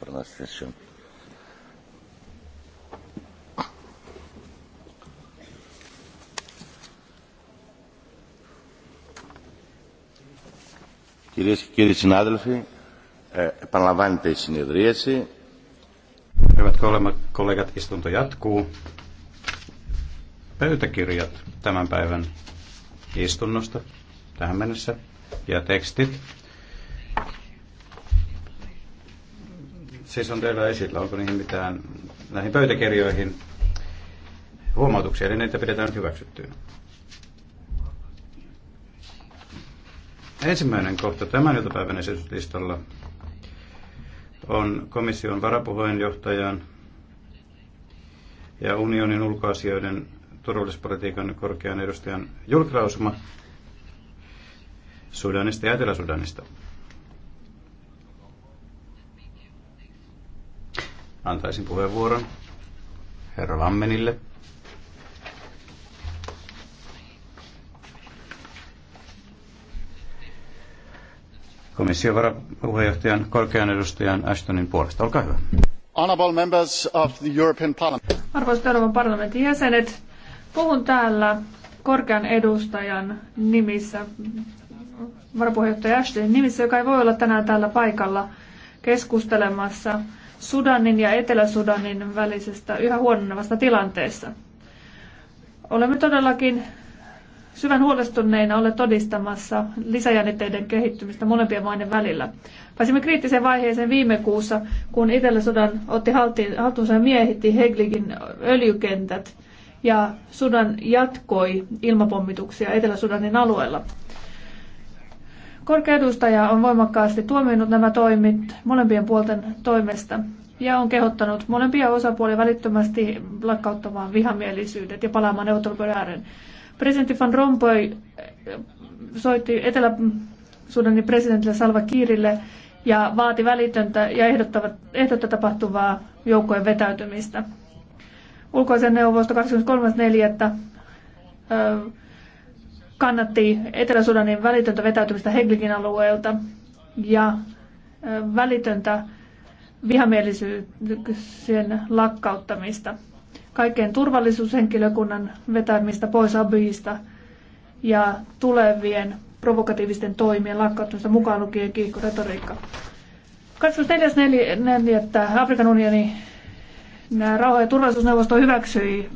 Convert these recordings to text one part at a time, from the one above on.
pronunciation. Κυρίες και κύριοι συνάδελφοι, επαναλαμβάνεται η συνεδρίαση. Hyvät kollegat, istunto jatkuu. Pöytäkirjat tämän päivän istunnosta tähän mennessä ja tekstit siis on teillä esillä? Onko niihin mitään näihin pöytäkirjoihin huomautuksia, eli niitä pidetään nyt hyväksyttyinä? Ensimmäinen kohta tämän iltapäivän esityslistalla on komission varapuheenjohtajan ja unionin ulkoasioiden turvallisuuspolitiikan korkean edustajan julkilausuma Sudanista ja Etelä-Sudanista. antaisin puheenvuoron herra Lammenille. Komission varapuheenjohtajan korkean edustajan Ashtonin puolesta. Olkaa hyvä. Honorable members of the European Parliament. Arvoisat Euroopan parlamentin jäsenet, puhun täällä korkean edustajan nimissä, varapuheenjohtaja Ashtonin nimissä, joka ei voi olla tänään täällä paikalla keskustelemassa Sudanin ja Etelä-Sudanin välisestä yhä huononevasta tilanteessa. Olemme todellakin syvän huolestuneina olleet todistamassa lisäjännitteiden kehittymistä molempien maiden välillä. Pääsimme kriittiseen vaiheeseen viime kuussa, kun etelä sudan otti haltuunsa ja miehitti heglikin öljykentät ja Sudan jatkoi ilmapommituksia Etelä-Sudanin alueella. Korkea edustaja on voimakkaasti tuominnut nämä toimit molempien puolten toimesta ja on kehottanut molempia osapuolia välittömästi lakkauttamaan vihamielisyydet ja palaamaan neuvottelupöydän ääreen. Presidentti Van Rompuy eh, soitti Etelä-Sudanin presidentille Salva Kiirille ja vaati välitöntä ja ehdotta tapahtuvaa joukkojen vetäytymistä. Ulkoisen neuvosto 23.4 kannatti Etelä-Sudanin välitöntä vetäytymistä Heglikin alueelta ja välitöntä vihamielisyyksien lakkauttamista, kaikkien turvallisuushenkilökunnan vetämistä pois abiista ja tulevien provokatiivisten toimien lakkauttamista mukaan lukien kiihkoretoriikka. 24.4. Afrikan unioni rauha- ja turvallisuusneuvosto hyväksyi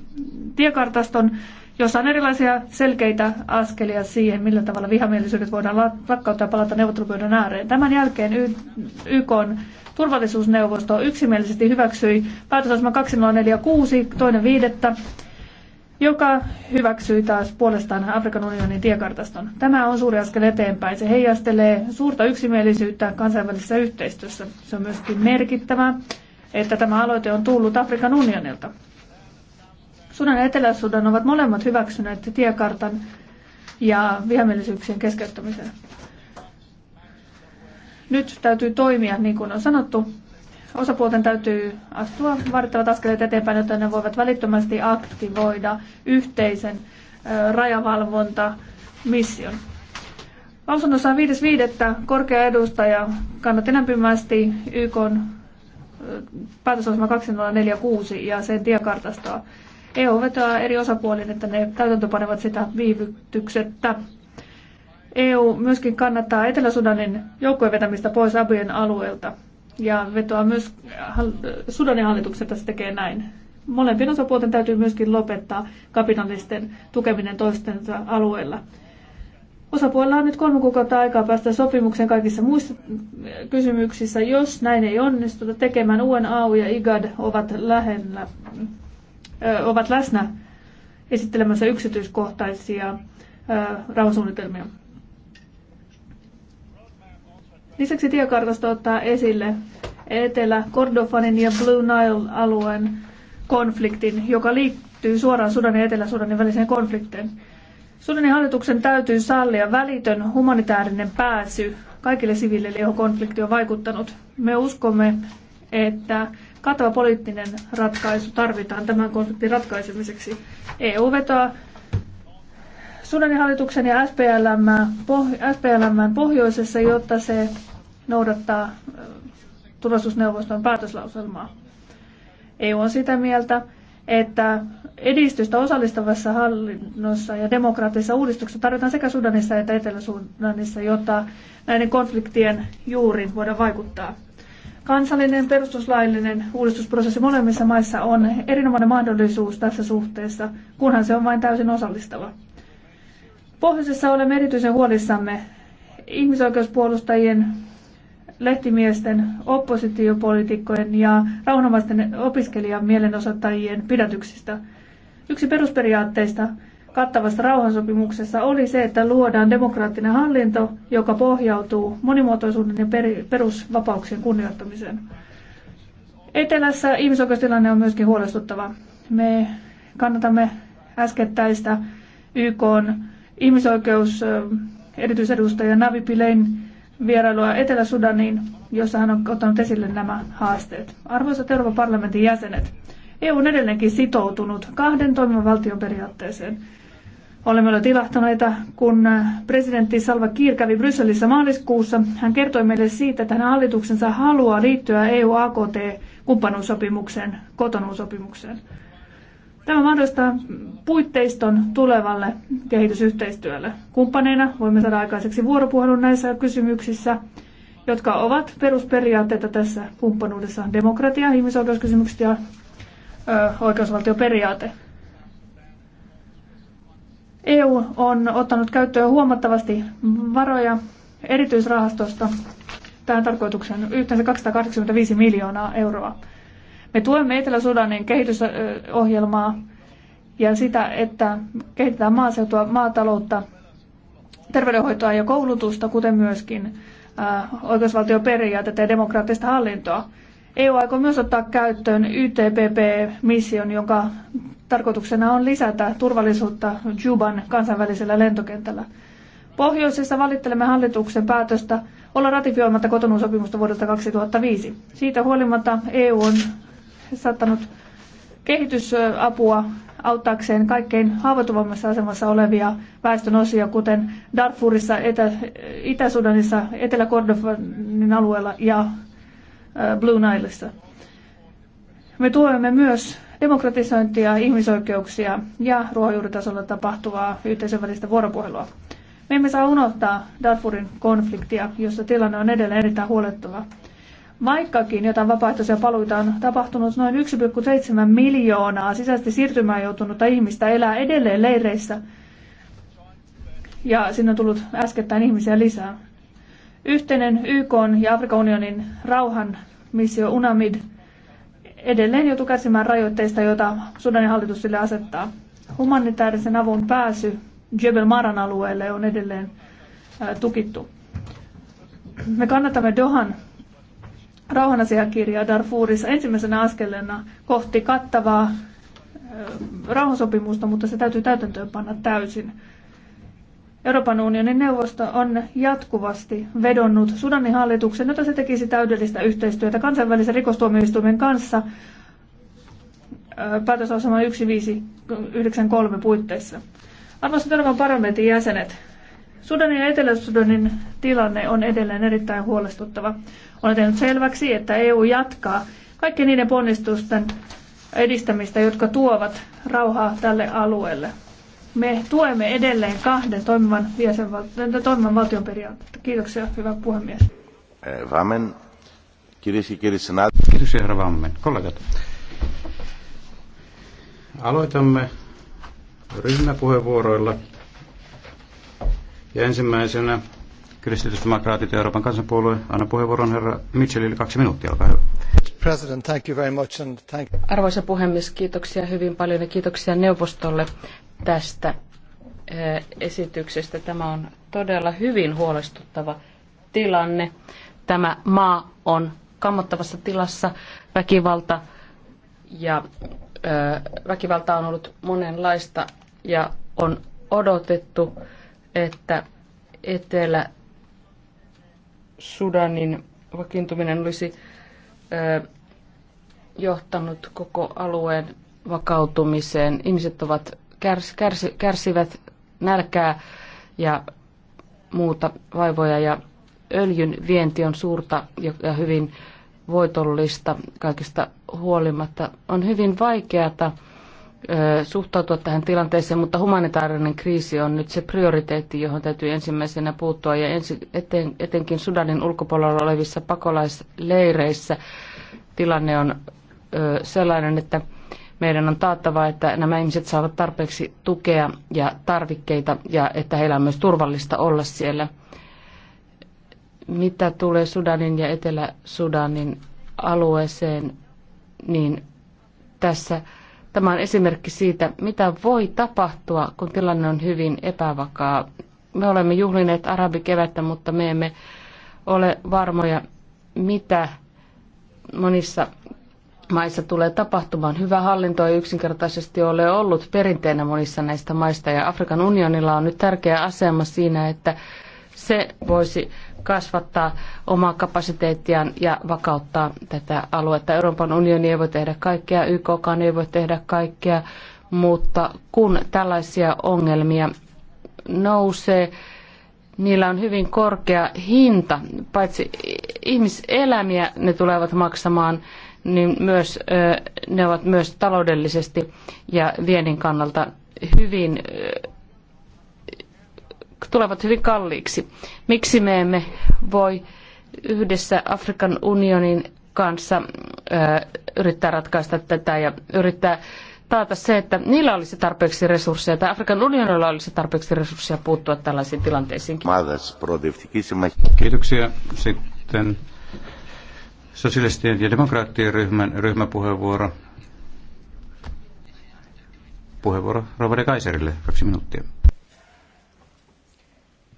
tiekartaston, jossa on erilaisia selkeitä askelia siihen, millä tavalla vihamielisyydet voidaan lakkauttaa ja palata neuvottelupöydän ääreen. Tämän jälkeen YK turvallisuusneuvosto yksimielisesti hyväksyi päätösasema 2046, toinen viidettä, joka hyväksyi taas puolestaan Afrikan unionin tiekartaston. Tämä on suuri askel eteenpäin. Se heijastelee suurta yksimielisyyttä kansainvälisessä yhteistyössä. Se on myöskin merkittävä, että tämä aloite on tullut Afrikan unionilta. Sudan ja Etelä-Sudan ovat molemmat hyväksyneet tiekartan ja vihamielisyyksien keskeyttämisen. Nyt täytyy toimia niin kuin on sanottu. Osapuolten täytyy astua vaadittavat askeleet eteenpäin, jotta ne voivat välittömästi aktivoida yhteisen rajavalvontamission. Lausunnossaan 5.5. korkea edustaja kannatti lämpimästi YK päätösosma 2046 ja sen tiekartastoa. EU vetoaa eri osapuolille, että ne täytäntöpanevat sitä viivytyksettä. EU myöskin kannattaa Etelä-Sudanin joukkojen vetämistä pois Abujen alueelta ja vetoaa myös äh, Sudanin hallituksen, että se tekee näin. Molempien osapuolten täytyy myöskin lopettaa kapinallisten tukeminen toisten alueella. Osapuolella on nyt kolme kuukautta aikaa päästä sopimukseen kaikissa muissa äh, kysymyksissä. Jos näin ei onnistuta tekemään, UNAU ja IGAD ovat lähellä ovat läsnä esittelemässä yksityiskohtaisia rauhansuunnitelmia. Lisäksi tiekartasta ottaa esille Etelä-Kordofanin ja Blue Nile-alueen konfliktin, joka liittyy suoraan Sudanin ja Etelä-Sudanin väliseen konfliktiin. Sudanin hallituksen täytyy sallia välitön humanitaarinen pääsy kaikille siviileille, johon konflikti on vaikuttanut. Me uskomme, että Katava poliittinen ratkaisu tarvitaan tämän konfliktin ratkaisemiseksi. EU vetoaa Sudanin hallituksen ja SPLM, SPLM pohjoisessa, jotta se noudattaa turvallisuusneuvoston päätöslauselmaa. EU on sitä mieltä, että edistystä osallistavassa hallinnossa ja demokraattisessa uudistuksessa tarvitaan sekä Sudanissa että Etelä-Sudanissa, jotta näiden konfliktien juuriin voidaan vaikuttaa. Kansallinen perustuslaillinen uudistusprosessi molemmissa maissa on erinomainen mahdollisuus tässä suhteessa, kunhan se on vain täysin osallistava. Pohjoisessa olemme erityisen huolissamme ihmisoikeuspuolustajien, lehtimiesten, oppositiopolitiikkojen ja rauhanomaisten opiskelijan mielenosoittajien pidätyksistä. Yksi perusperiaatteista kattavassa rauhansopimuksessa oli se, että luodaan demokraattinen hallinto, joka pohjautuu monimuotoisuuden ja perusvapauksien kunnioittamiseen. Etelässä ihmisoikeustilanne on myöskin huolestuttava. Me kannatamme äskettäistä YK ihmisoikeus erityisedustaja Navi Pilein vierailua Etelä-Sudaniin, jossa hän on ottanut esille nämä haasteet. Arvoisat Euroopan parlamentin jäsenet, EU on edelleenkin sitoutunut kahden toimivan valtion periaatteeseen. Olemme olleet ilahtuneita, kun äh, presidentti Salva Kiir kävi Brysselissä maaliskuussa. Hän kertoi meille siitä, että hänen hallituksensa haluaa liittyä EU-AKT-kumppanuussopimukseen, kotonuusopimukseen. Tämä mahdollistaa puitteiston tulevalle kehitysyhteistyölle. Kumppaneina voimme saada aikaiseksi vuoropuhelun näissä kysymyksissä, jotka ovat perusperiaatteita tässä kumppanuudessa. Demokratia, ihmisoikeuskysymykset ja oikeusvaltioperiaate. EU on ottanut käyttöön huomattavasti varoja erityisrahastosta tähän tarkoitukseen yhteensä 285 miljoonaa euroa. Me tuemme Etelä-Sudanin kehitysohjelmaa ja sitä, että kehitetään maaseutua, maataloutta, terveydenhoitoa ja koulutusta, kuten myöskin oikeusvaltioperiaatetta ja demokraattista hallintoa. EU aikoo myös ottaa käyttöön YTPP-mission, jonka tarkoituksena on lisätä turvallisuutta Juban kansainvälisellä lentokentällä. Pohjoisessa valittelemme hallituksen päätöstä olla ratifioimatta kotonun sopimusta vuodelta 2005. Siitä huolimatta EU on saattanut kehitysapua auttaakseen kaikkein haavoittuvammassa asemassa olevia väestönosia, kuten Darfurissa, Itä-Sudanissa, Etelä-Kordofanin alueella ja Äh, Blue Nileissa. Me tuemme myös demokratisointia, ihmisoikeuksia ja ruohonjuuritasolla tapahtuvaa yhteisön välistä vuoropuhelua. Me emme saa unohtaa Darfurin konfliktia, jossa tilanne on edelleen erittäin huolettava. Vaikkakin jotain vapaaehtoisia paluita on tapahtunut, noin 1,7 miljoonaa sisäisesti siirtymään joutunutta ihmistä elää edelleen leireissä. Ja sinne on tullut äskettäin ihmisiä lisää. Yhteinen YK ja Afrikan unionin rauhan missio UNAMID edelleen joutuu kärsimään rajoitteista, joita Sudanin hallitus sille asettaa. Humanitaarisen avun pääsy Jebel Maran alueelle on edelleen tukittu. Me kannatamme Dohan rauhanasiakirjaa Darfurissa ensimmäisenä askeleena kohti kattavaa rauhansopimusta, mutta se täytyy panna täysin. Euroopan unionin neuvosto on jatkuvasti vedonnut Sudanin hallituksen, jota se tekisi täydellistä yhteistyötä kansainvälisen rikostuomioistuimen kanssa päätösosama 1593 puitteissa. Arvoisat Euroopan parlamentin jäsenet, Sudanin ja Etelä-Sudanin tilanne on edelleen erittäin huolestuttava. Olen tehnyt selväksi, että EU jatkaa kaikkien niiden ponnistusten edistämistä, jotka tuovat rauhaa tälle alueelle me tuemme edelleen kahden toimivan, jäsenval- äh, toimivan valtion periaatteita. Kiitoksia, hyvä puhemies. Eh, Vammen. Κυρίες και κύριοι συνάδελφοι. herra Σιχαραβάμεν, kollegat. Aloitamme ryhmäpuheenvuoroilla. Ja ensimmäisenä kristillisdemokraatit ja Euroopan kansanpuolue. Anna puheenvuoron herra Mitchellille kaksi minuuttia, olkaa hyvä. President, thank you very much and thank... Arvoisa puhemies, kiitoksia hyvin paljon ja kiitoksia neuvostolle tästä esityksestä. Tämä on todella hyvin huolestuttava tilanne. Tämä maa on kammottavassa tilassa. Väkivalta ja väkivalta on ollut monenlaista ja on odotettu, että Etelä-Sudanin vakiintuminen olisi johtanut koko alueen vakautumiseen. Ihmiset ovat kärs, kärs, kärsivät nälkää ja muuta vaivoja ja öljyn vienti on suurta ja hyvin voitollista kaikista huolimatta. On hyvin vaikeata suhtautua tähän tilanteeseen, mutta humanitaarinen kriisi on nyt se prioriteetti, johon täytyy ensimmäisenä puuttua. Ja ensi, eten, etenkin Sudanin ulkopuolella olevissa pakolaisleireissä tilanne on ö, sellainen, että meidän on taattava, että nämä ihmiset saavat tarpeeksi tukea ja tarvikkeita ja että heillä on myös turvallista olla siellä. Mitä tulee Sudanin ja Etelä-Sudanin alueeseen, niin tässä tämä on esimerkki siitä, mitä voi tapahtua, kun tilanne on hyvin epävakaa. Me olemme juhlineet arabikevättä, mutta me emme ole varmoja, mitä monissa maissa tulee tapahtumaan. Hyvä hallinto ei yksinkertaisesti ole ollut perinteenä monissa näistä maista ja Afrikan unionilla on nyt tärkeä asema siinä, että se voisi kasvattaa omaa kapasiteettiaan ja vakauttaa tätä aluetta. Euroopan unioni ei voi tehdä kaikkea, YKkaan ei voi tehdä kaikkea, mutta kun tällaisia ongelmia nousee, niillä on hyvin korkea hinta. Paitsi ihmiselämiä ne tulevat maksamaan, niin myös, ne ovat myös taloudellisesti ja viennin kannalta hyvin, tulevat hyvin kalliiksi. Miksi me emme voi yhdessä Afrikan unionin kanssa yrittää ratkaista tätä ja yrittää taata se, että niillä olisi tarpeeksi resursseja tai Afrikan unionilla olisi tarpeeksi resursseja puuttua tällaisiin tilanteisiin. Kiitoksia. Sitten Sosialistien ja demokraattien ryhmän ryhmäpuheenvuoro. Puheenvuoro Rova de Kaiserille, kaksi minuuttia.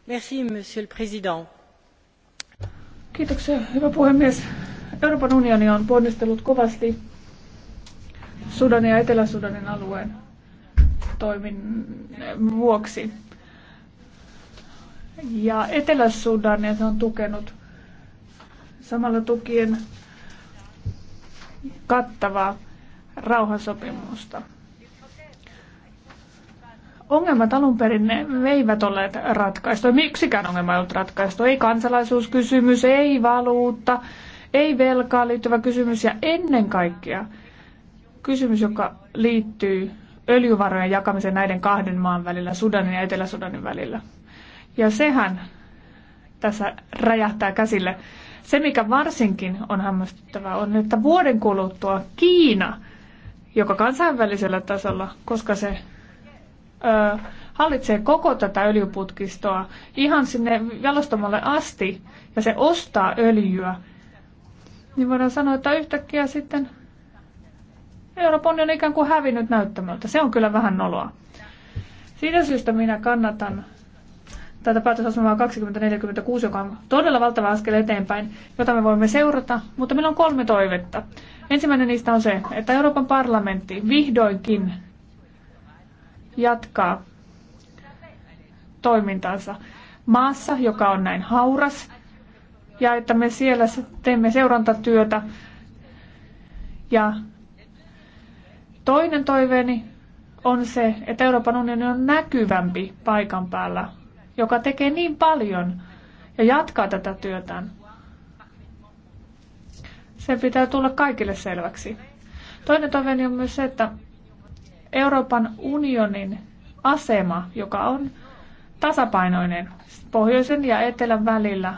Merci, monsieur le président. Kiitoksia, hyvä puhemies. Euroopan unioni on ponnistellut kovasti Sudanin ja Etelä-Sudanin alueen toimin vuoksi. Ja Etelä-Sudania se on tukenut samalla tukien kattavaa rauhansopimusta. Ongelmat alun perin ne eivät olleet ratkaistu. Miksikään ongelma ei ollut ratkaistu. Ei kansalaisuuskysymys, ei valuutta, ei velkaa liittyvä kysymys ja ennen kaikkea kysymys, joka liittyy öljyvarojen jakamiseen näiden kahden maan välillä, Sudanin ja Etelä-Sudanin välillä. Ja sehän tässä räjähtää käsille se, mikä varsinkin on hämmästyttävää, on, että vuoden kuluttua Kiina, joka kansainvälisellä tasolla, koska se ö, hallitsee koko tätä öljyputkistoa ihan sinne jalostamalle asti, ja se ostaa öljyä, niin voidaan sanoa, että yhtäkkiä sitten Euroopan on ikään kuin hävinnyt näyttämöltä. Se on kyllä vähän noloa. Siitä syystä minä kannatan tätä päätösasemaa 2046, joka on todella valtava askel eteenpäin, jota me voimme seurata, mutta meillä on kolme toivetta. Ensimmäinen niistä on se, että Euroopan parlamentti vihdoinkin jatkaa toimintansa maassa, joka on näin hauras, ja että me siellä teemme seurantatyötä. Ja toinen toiveeni on se, että Euroopan unioni on näkyvämpi paikan päällä joka tekee niin paljon ja jatkaa tätä työtään. Se pitää tulla kaikille selväksi. Toinen toiveeni on myös se, että Euroopan unionin asema, joka on tasapainoinen pohjoisen ja etelän välillä,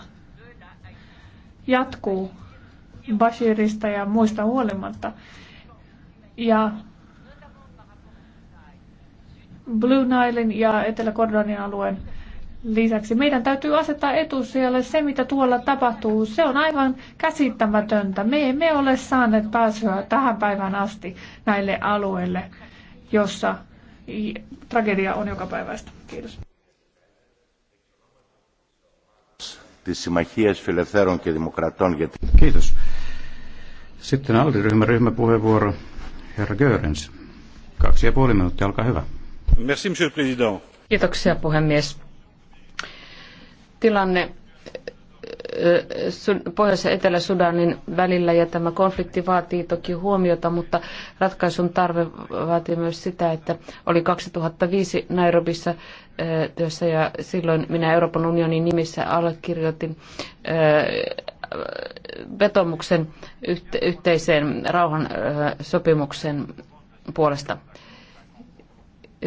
jatkuu Bashirista ja muista huolimatta. Ja Blue Nilein ja Etelä-Kordonin alueen Lisäksi meidän täytyy asettaa etusijalle se, mitä tuolla tapahtuu. Se on aivan käsittämätöntä. Me emme ole saaneet pääsyä tähän päivään asti näille alueille, jossa tragedia on joka päivästä. Kiitos. Kiitos. Sitten aldi ryhmä ryhmäpuheenvuoro. Herra Görens, kaksi ja puoli minuuttia, olkaa hyvä. Merci, monsieur le président. Kiitoksia puhemies tilanne äh, Pohjois- ja Etelä-Sudanin välillä ja tämä konflikti vaatii toki huomiota, mutta ratkaisun tarve vaatii myös sitä, että oli 2005 Nairobissa äh, työssä ja silloin minä Euroopan unionin nimissä allekirjoitin äh, vetomuksen yhteiseen rauhan sopimuksen puolesta.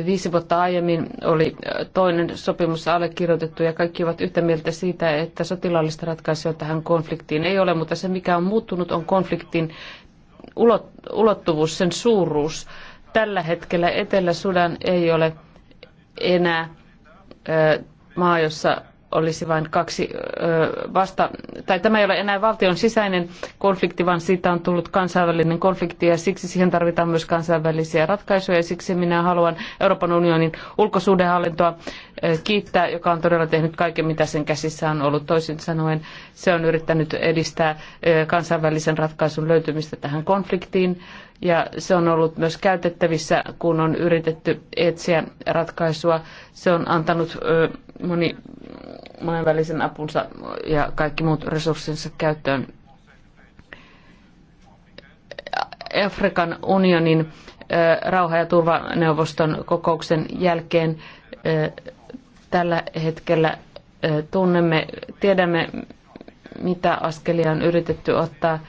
Viisi vuotta aiemmin oli toinen sopimus allekirjoitettu ja kaikki ovat yhtä mieltä siitä, että sotilaallista ratkaisua tähän konfliktiin ei ole, mutta se mikä on muuttunut on konfliktin ulottuvuus, sen suuruus. Tällä hetkellä Etelä-Sudan ei ole enää maa, jossa olisi vain kaksi vasta, tai tämä ei ole enää valtion sisäinen konflikti, vaan siitä on tullut kansainvälinen konflikti ja siksi siihen tarvitaan myös kansainvälisiä ratkaisuja ja siksi minä haluan Euroopan unionin ulkosuhdehallintoa kiittää, joka on todella tehnyt kaiken, mitä sen käsissä on ollut. Toisin sanoen se on yrittänyt edistää kansainvälisen ratkaisun löytymistä tähän konfliktiin ja se on ollut myös käytettävissä, kun on yritetty etsiä ratkaisua. Se on antanut moni monenvälisen apunsa ja kaikki muut resurssinsa käyttöön. Afrikan unionin rauha- ja turvaneuvoston kokouksen jälkeen tällä hetkellä tunnemme, tiedämme, mitä askelia on yritetty ottaa.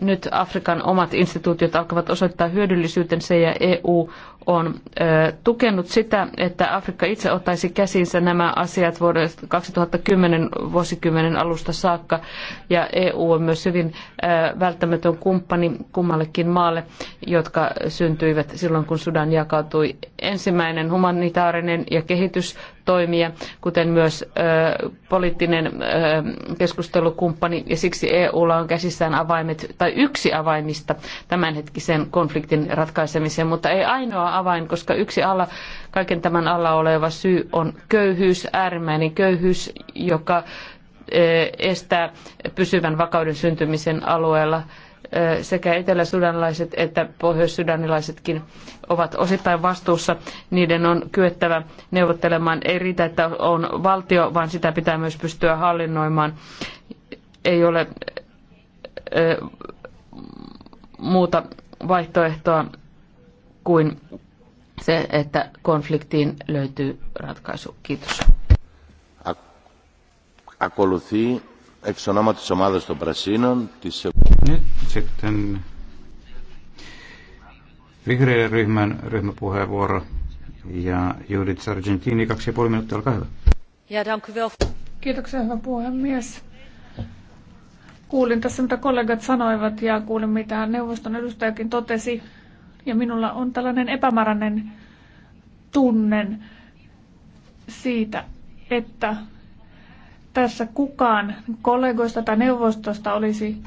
Nyt Afrikan omat instituutiot alkavat osoittaa hyödyllisyytensä ja EU on tukenut sitä, että Afrikka itse ottaisi käsinsä nämä asiat vuoden 2010 vuosikymmenen alusta saakka. Ja EU on myös hyvin välttämätön kumppani kummallekin maalle, jotka syntyivät silloin, kun Sudan jakautui. Ensimmäinen humanitaarinen ja kehitystoimija, kuten myös poliittinen keskustelukumppani, ja siksi EUlla on käsissään avaimet, tai yksi avaimista tämänhetkisen konfliktin ratkaisemiseen, mutta ei ainoa avain, koska yksi alla, kaiken tämän alla oleva syy on köyhyys, äärimmäinen köyhyys, joka e, estää pysyvän vakauden syntymisen alueella. E, sekä sudanilaiset, että pohjoissudanilaisetkin ovat osittain vastuussa. Niiden on kyettävä neuvottelemaan. Ei riitä, että on valtio, vaan sitä pitää myös pystyä hallinnoimaan. Ei ole e, muuta vaihtoehtoa kuin se, että konfliktiin löytyy ratkaisu. Kiitos. Ακολουθεί εξ ονόματος της ομάδας των Πρασίνων της... Nyt sitten vihreiden ryhmän ryhmäpuheenvuoro ja Judith Sargentini, kaksi ja puoli minuuttia, olkaa hyvä. Ja, dank u wel. Kiitoksia, hyvä puhemies. Kuulin tässä, mitä kollegat sanoivat ja kuulin, mitä neuvoston edustajakin totesi ja minulla on tällainen epämääräinen tunne siitä, että tässä kukaan kollegoista tai neuvostosta olisi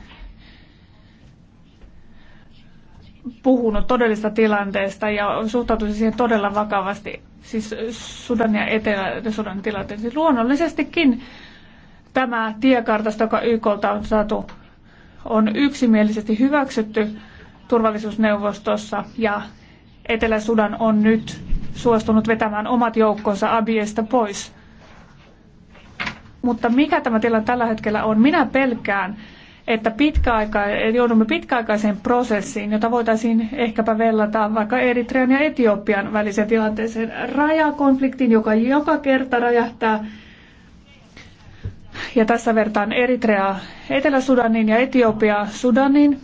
puhunut todellista tilanteesta ja suhtautuisi siihen todella vakavasti, siis Sudan ja Etelä-Sudan tilanteeseen. Siis luonnollisestikin tämä tiekartasta, joka YKlta on saatu, on yksimielisesti hyväksytty turvallisuusneuvostossa ja Etelä-Sudan on nyt suostunut vetämään omat joukkonsa Abiesta pois. Mutta mikä tämä tilanne tällä hetkellä on? Minä pelkään, että pitkäaika- joudumme pitkäaikaiseen prosessiin, jota voitaisiin ehkäpä vellata vaikka Eritrean ja Etiopian väliseen tilanteeseen rajakonfliktiin, joka joka kerta räjähtää. Ja tässä vertaan Eritrea Etelä-Sudanin ja Etiopia Sudanin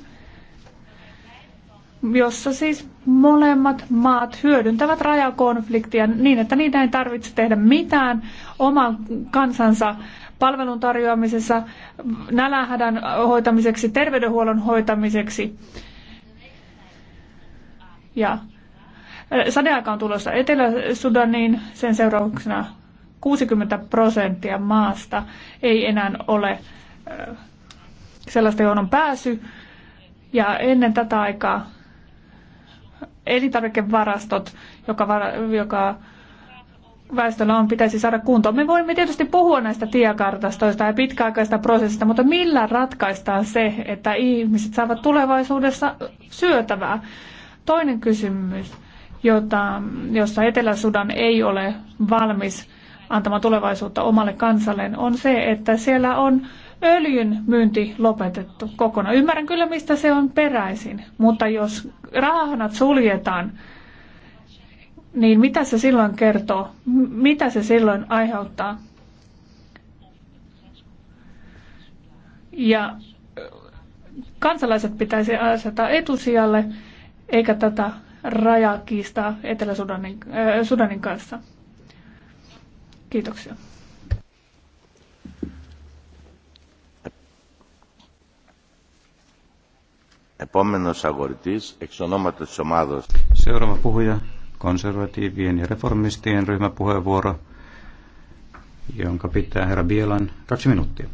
jossa siis molemmat maat hyödyntävät rajakonfliktia niin, että niitä ei tarvitse tehdä mitään oman kansansa palvelun tarjoamisessa, nälähädän hoitamiseksi, terveydenhuollon hoitamiseksi. Ja sadeaika on tulossa Etelä-Sudaniin, sen seurauksena 60 prosenttia maasta ei enää ole sellaista, johon on pääsy. Ja ennen tätä aikaa elintarvikevarastot, joka, joka väestöllä on, pitäisi saada kuntoon. Me voimme tietysti puhua näistä tiekartastoista ja pitkäaikaista prosessista, mutta millä ratkaistaan se, että ihmiset saavat tulevaisuudessa syötävää? Toinen kysymys, jota, jossa Etelä-Sudan ei ole valmis antamaan tulevaisuutta omalle kansalleen, on se, että siellä on öljyn myynti lopetettu kokonaan. Ymmärrän kyllä, mistä se on peräisin, mutta jos rahanat suljetaan, niin mitä se silloin kertoo? Mitä se silloin aiheuttaa? Ja kansalaiset pitäisi asettaa etusijalle, eikä tätä rajakiistaa Etelä-Sudanin äh, Sudanin kanssa. Kiitoksia. Επόμενος αγορητής, εξ ονόματος της ομάδος. Seuraava puhuja, konservatiivien ja reformistien ryhmäpuheenvuoro, jonka pitää herra Bielan kaksi minuuttia.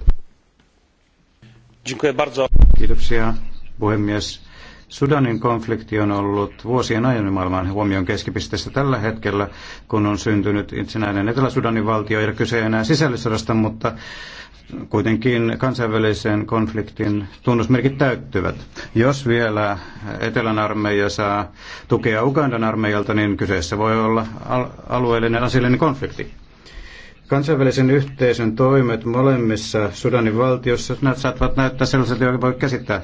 Dziękuję bardzo. Kiitoksia, puhemies. Sudanin konflikti on ollut vuosien ajan maailman huomion keskipisteessä tällä hetkellä, kun on syntynyt itsenäinen Etelä-Sudanin valtio, ja kyse ei enää sisällissodasta, mutta kuitenkin kansainvälisen konfliktin tunnusmerkit täyttyvät. Jos vielä Etelän armeija saa tukea Ugandan armeijalta, niin kyseessä voi olla alueellinen asiallinen konflikti. Kansainvälisen yhteisön toimet molemmissa Sudanin valtiossa saattavat näyttää sellaiselta, joka voi käsittää.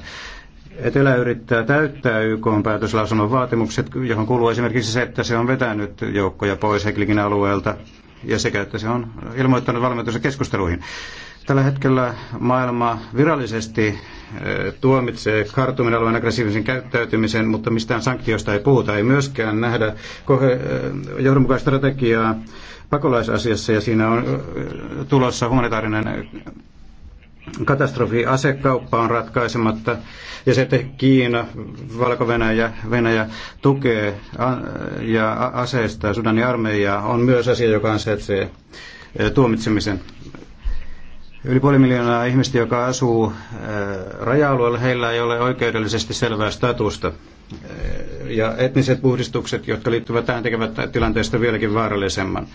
Etelä yrittää täyttää YK päätöslausunnon vaatimukset, johon kuuluu esimerkiksi se, että se on vetänyt joukkoja pois Heklikin alueelta ja sekä, että se on ilmoittanut valmiutensa keskusteluihin. Tällä hetkellä maailma virallisesti eh, tuomitsee kartumin alueen aggressiivisen käyttäytymisen, mutta mistään sanktioista ei puhuta. Ei myöskään nähdä eh, johdonmukaista strategiaa pakolaisasiassa ja siinä on eh, tulossa humanitaarinen katastrofi. Asekauppa on ratkaisematta ja se, että Kiina, Valko-Venäjä Venäjä tukee ja aseistaa Sudanin armeijaa on myös asia, joka ansaitsee tuomitsemisen Yli puoli miljoonaa ihmistä, joka asuu äh, raja-alueella, heillä ei ole oikeudellisesti selvää statusta. Äh, ja etniset puhdistukset, jotka liittyvät tähän, tekevät tilanteesta vieläkin vaarallisemman.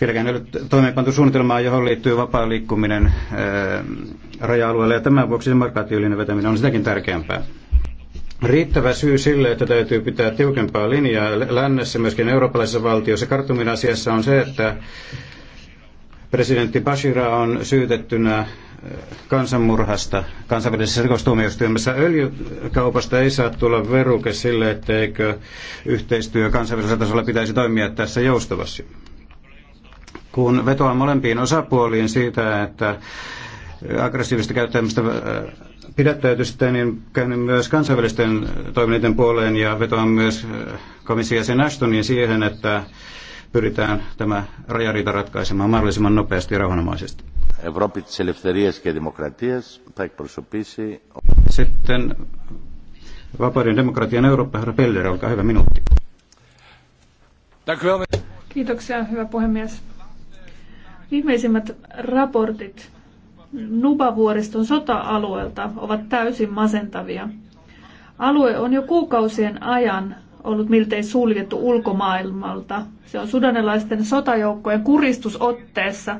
Vieläkään ei ole toimeenpantu suunnitelmaa, johon liittyy vapaa liikkuminen äh, raja-alueella, ja tämän vuoksi demarkaatiolinjan vetäminen on sitäkin tärkeämpää riittävä syy sille, että täytyy pitää tiukempaa linjaa lännessä, myöskin eurooppalaisessa valtiossa. Kartumin asiassa on se, että Presidentti Bashira on syytettynä äh, kansanmurhasta kansainvälisessä rikostuomioistuimessa. Öljykaupasta ei saa tulla veruke sille, etteikö yhteistyö kansainvälisellä tasolla pitäisi toimia tässä joustavasti. Kun vetoan molempiin osapuoliin siitä, että aggressiivista käyttämistä äh, pidättäytystä, niin käyn myös kansainvälisten toimijoiden puoleen ja vetoan myös äh, komissiasen jäsen Ashtonin siihen, että pyritään tämä rajariita ratkaisemaan mahdollisimman nopeasti ja rauhanomaisesti. Sitten vapauden demokratian Eurooppa, herra Peller, olkaa hyvä minuutti. Kiitoksia, hyvä puhemies. Viimeisimmät raportit Nubavuoriston sota-alueelta ovat täysin masentavia. Alue on jo kuukausien ajan ollut miltei suljettu ulkomaailmalta. Se on sudanilaisten sotajoukkojen kuristusotteessa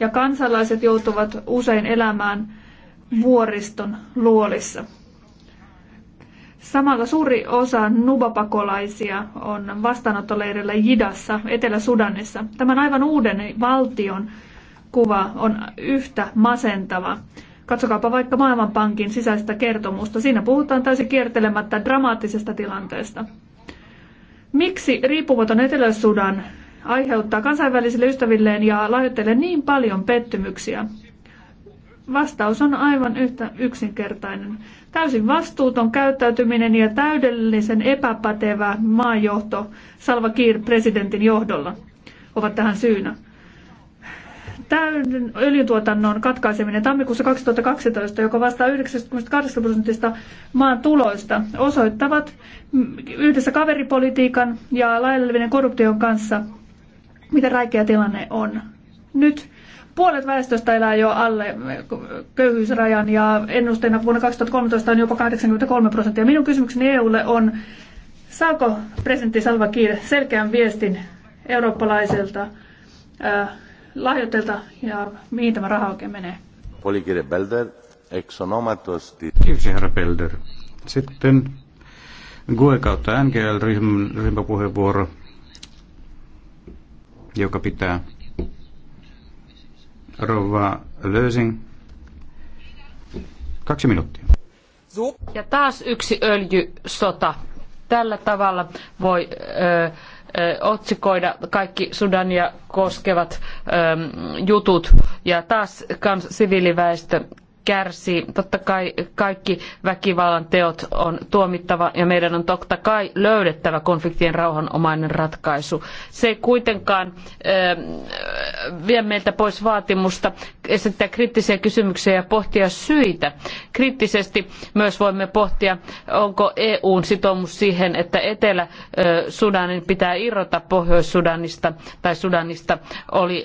ja kansalaiset joutuvat usein elämään vuoriston luolissa. Samalla suuri osa nubapakolaisia on vastaanottoleirillä Jidassa, Etelä-Sudanissa. Tämän aivan uuden valtion kuva on yhtä masentava. Katsokaapa vaikka Maailmanpankin sisäistä kertomusta. Siinä puhutaan täysin kiertelemättä dramaattisesta tilanteesta. Miksi riippumaton Etelä-Sudan aiheuttaa kansainvälisille ystävilleen ja lahjoittajille niin paljon pettymyksiä? Vastaus on aivan yhtä yksinkertainen. Täysin vastuuton käyttäytyminen ja täydellisen epäpätevä maanjohto Salva Kiir presidentin johdolla ovat tähän syynä täyden öljytuotannon katkaiseminen tammikuussa 2012, joka vastaa 98 prosentista maan tuloista, osoittavat yhdessä kaveripolitiikan ja laajelevinen korruption kanssa, mitä räikeä tilanne on. Nyt puolet väestöstä elää jo alle köyhyysrajan ja ennusteena vuonna 2013 on jopa 83 prosenttia. Minun kysymykseni EUlle on, saako presidentti Salva Kiir selkeän viestin eurooppalaiselta äh, lahjoitelta ja mihin tämä raha oikein menee? Polikirja Belder, eksonomatosti. Kiitos, herra Belder. Sitten GUE kautta NGL-ryhmän ryhmäpuheenvuoro, joka pitää rouva Lösing. Kaksi minuuttia. Ja taas yksi öljysota. Tällä tavalla voi... Ö, otsikoida kaikki Sudania koskevat jutut ja taas kans siviiliväestö kärsii. Totta kai kaikki väkivallan teot on tuomittava ja meidän on totta kai löydettävä konfliktien rauhanomainen ratkaisu. Se ei kuitenkaan vie meiltä pois vaatimusta esittää kriittisiä kysymyksiä ja pohtia syitä. Kriittisesti myös voimme pohtia, onko EUn sitoumus siihen, että Etelä-Sudanin pitää irrota Pohjois-Sudanista tai Sudanista oli,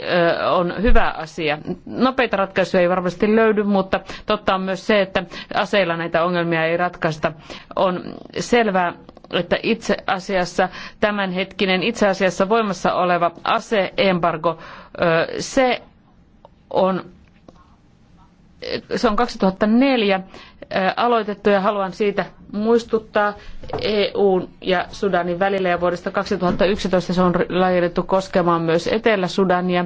on hyvä asia. Nopeita ratkaisuja ei varmasti löydy, mutta totta on myös se, että aseilla näitä ongelmia ei ratkaista. On selvää, että itse asiassa tämänhetkinen itse asiassa voimassa oleva aseembargo, se on se on 2004 aloitettu ja haluan siitä muistuttaa EUn ja Sudanin välillä ja vuodesta 2011 se on laajennettu koskemaan myös Etelä-Sudania.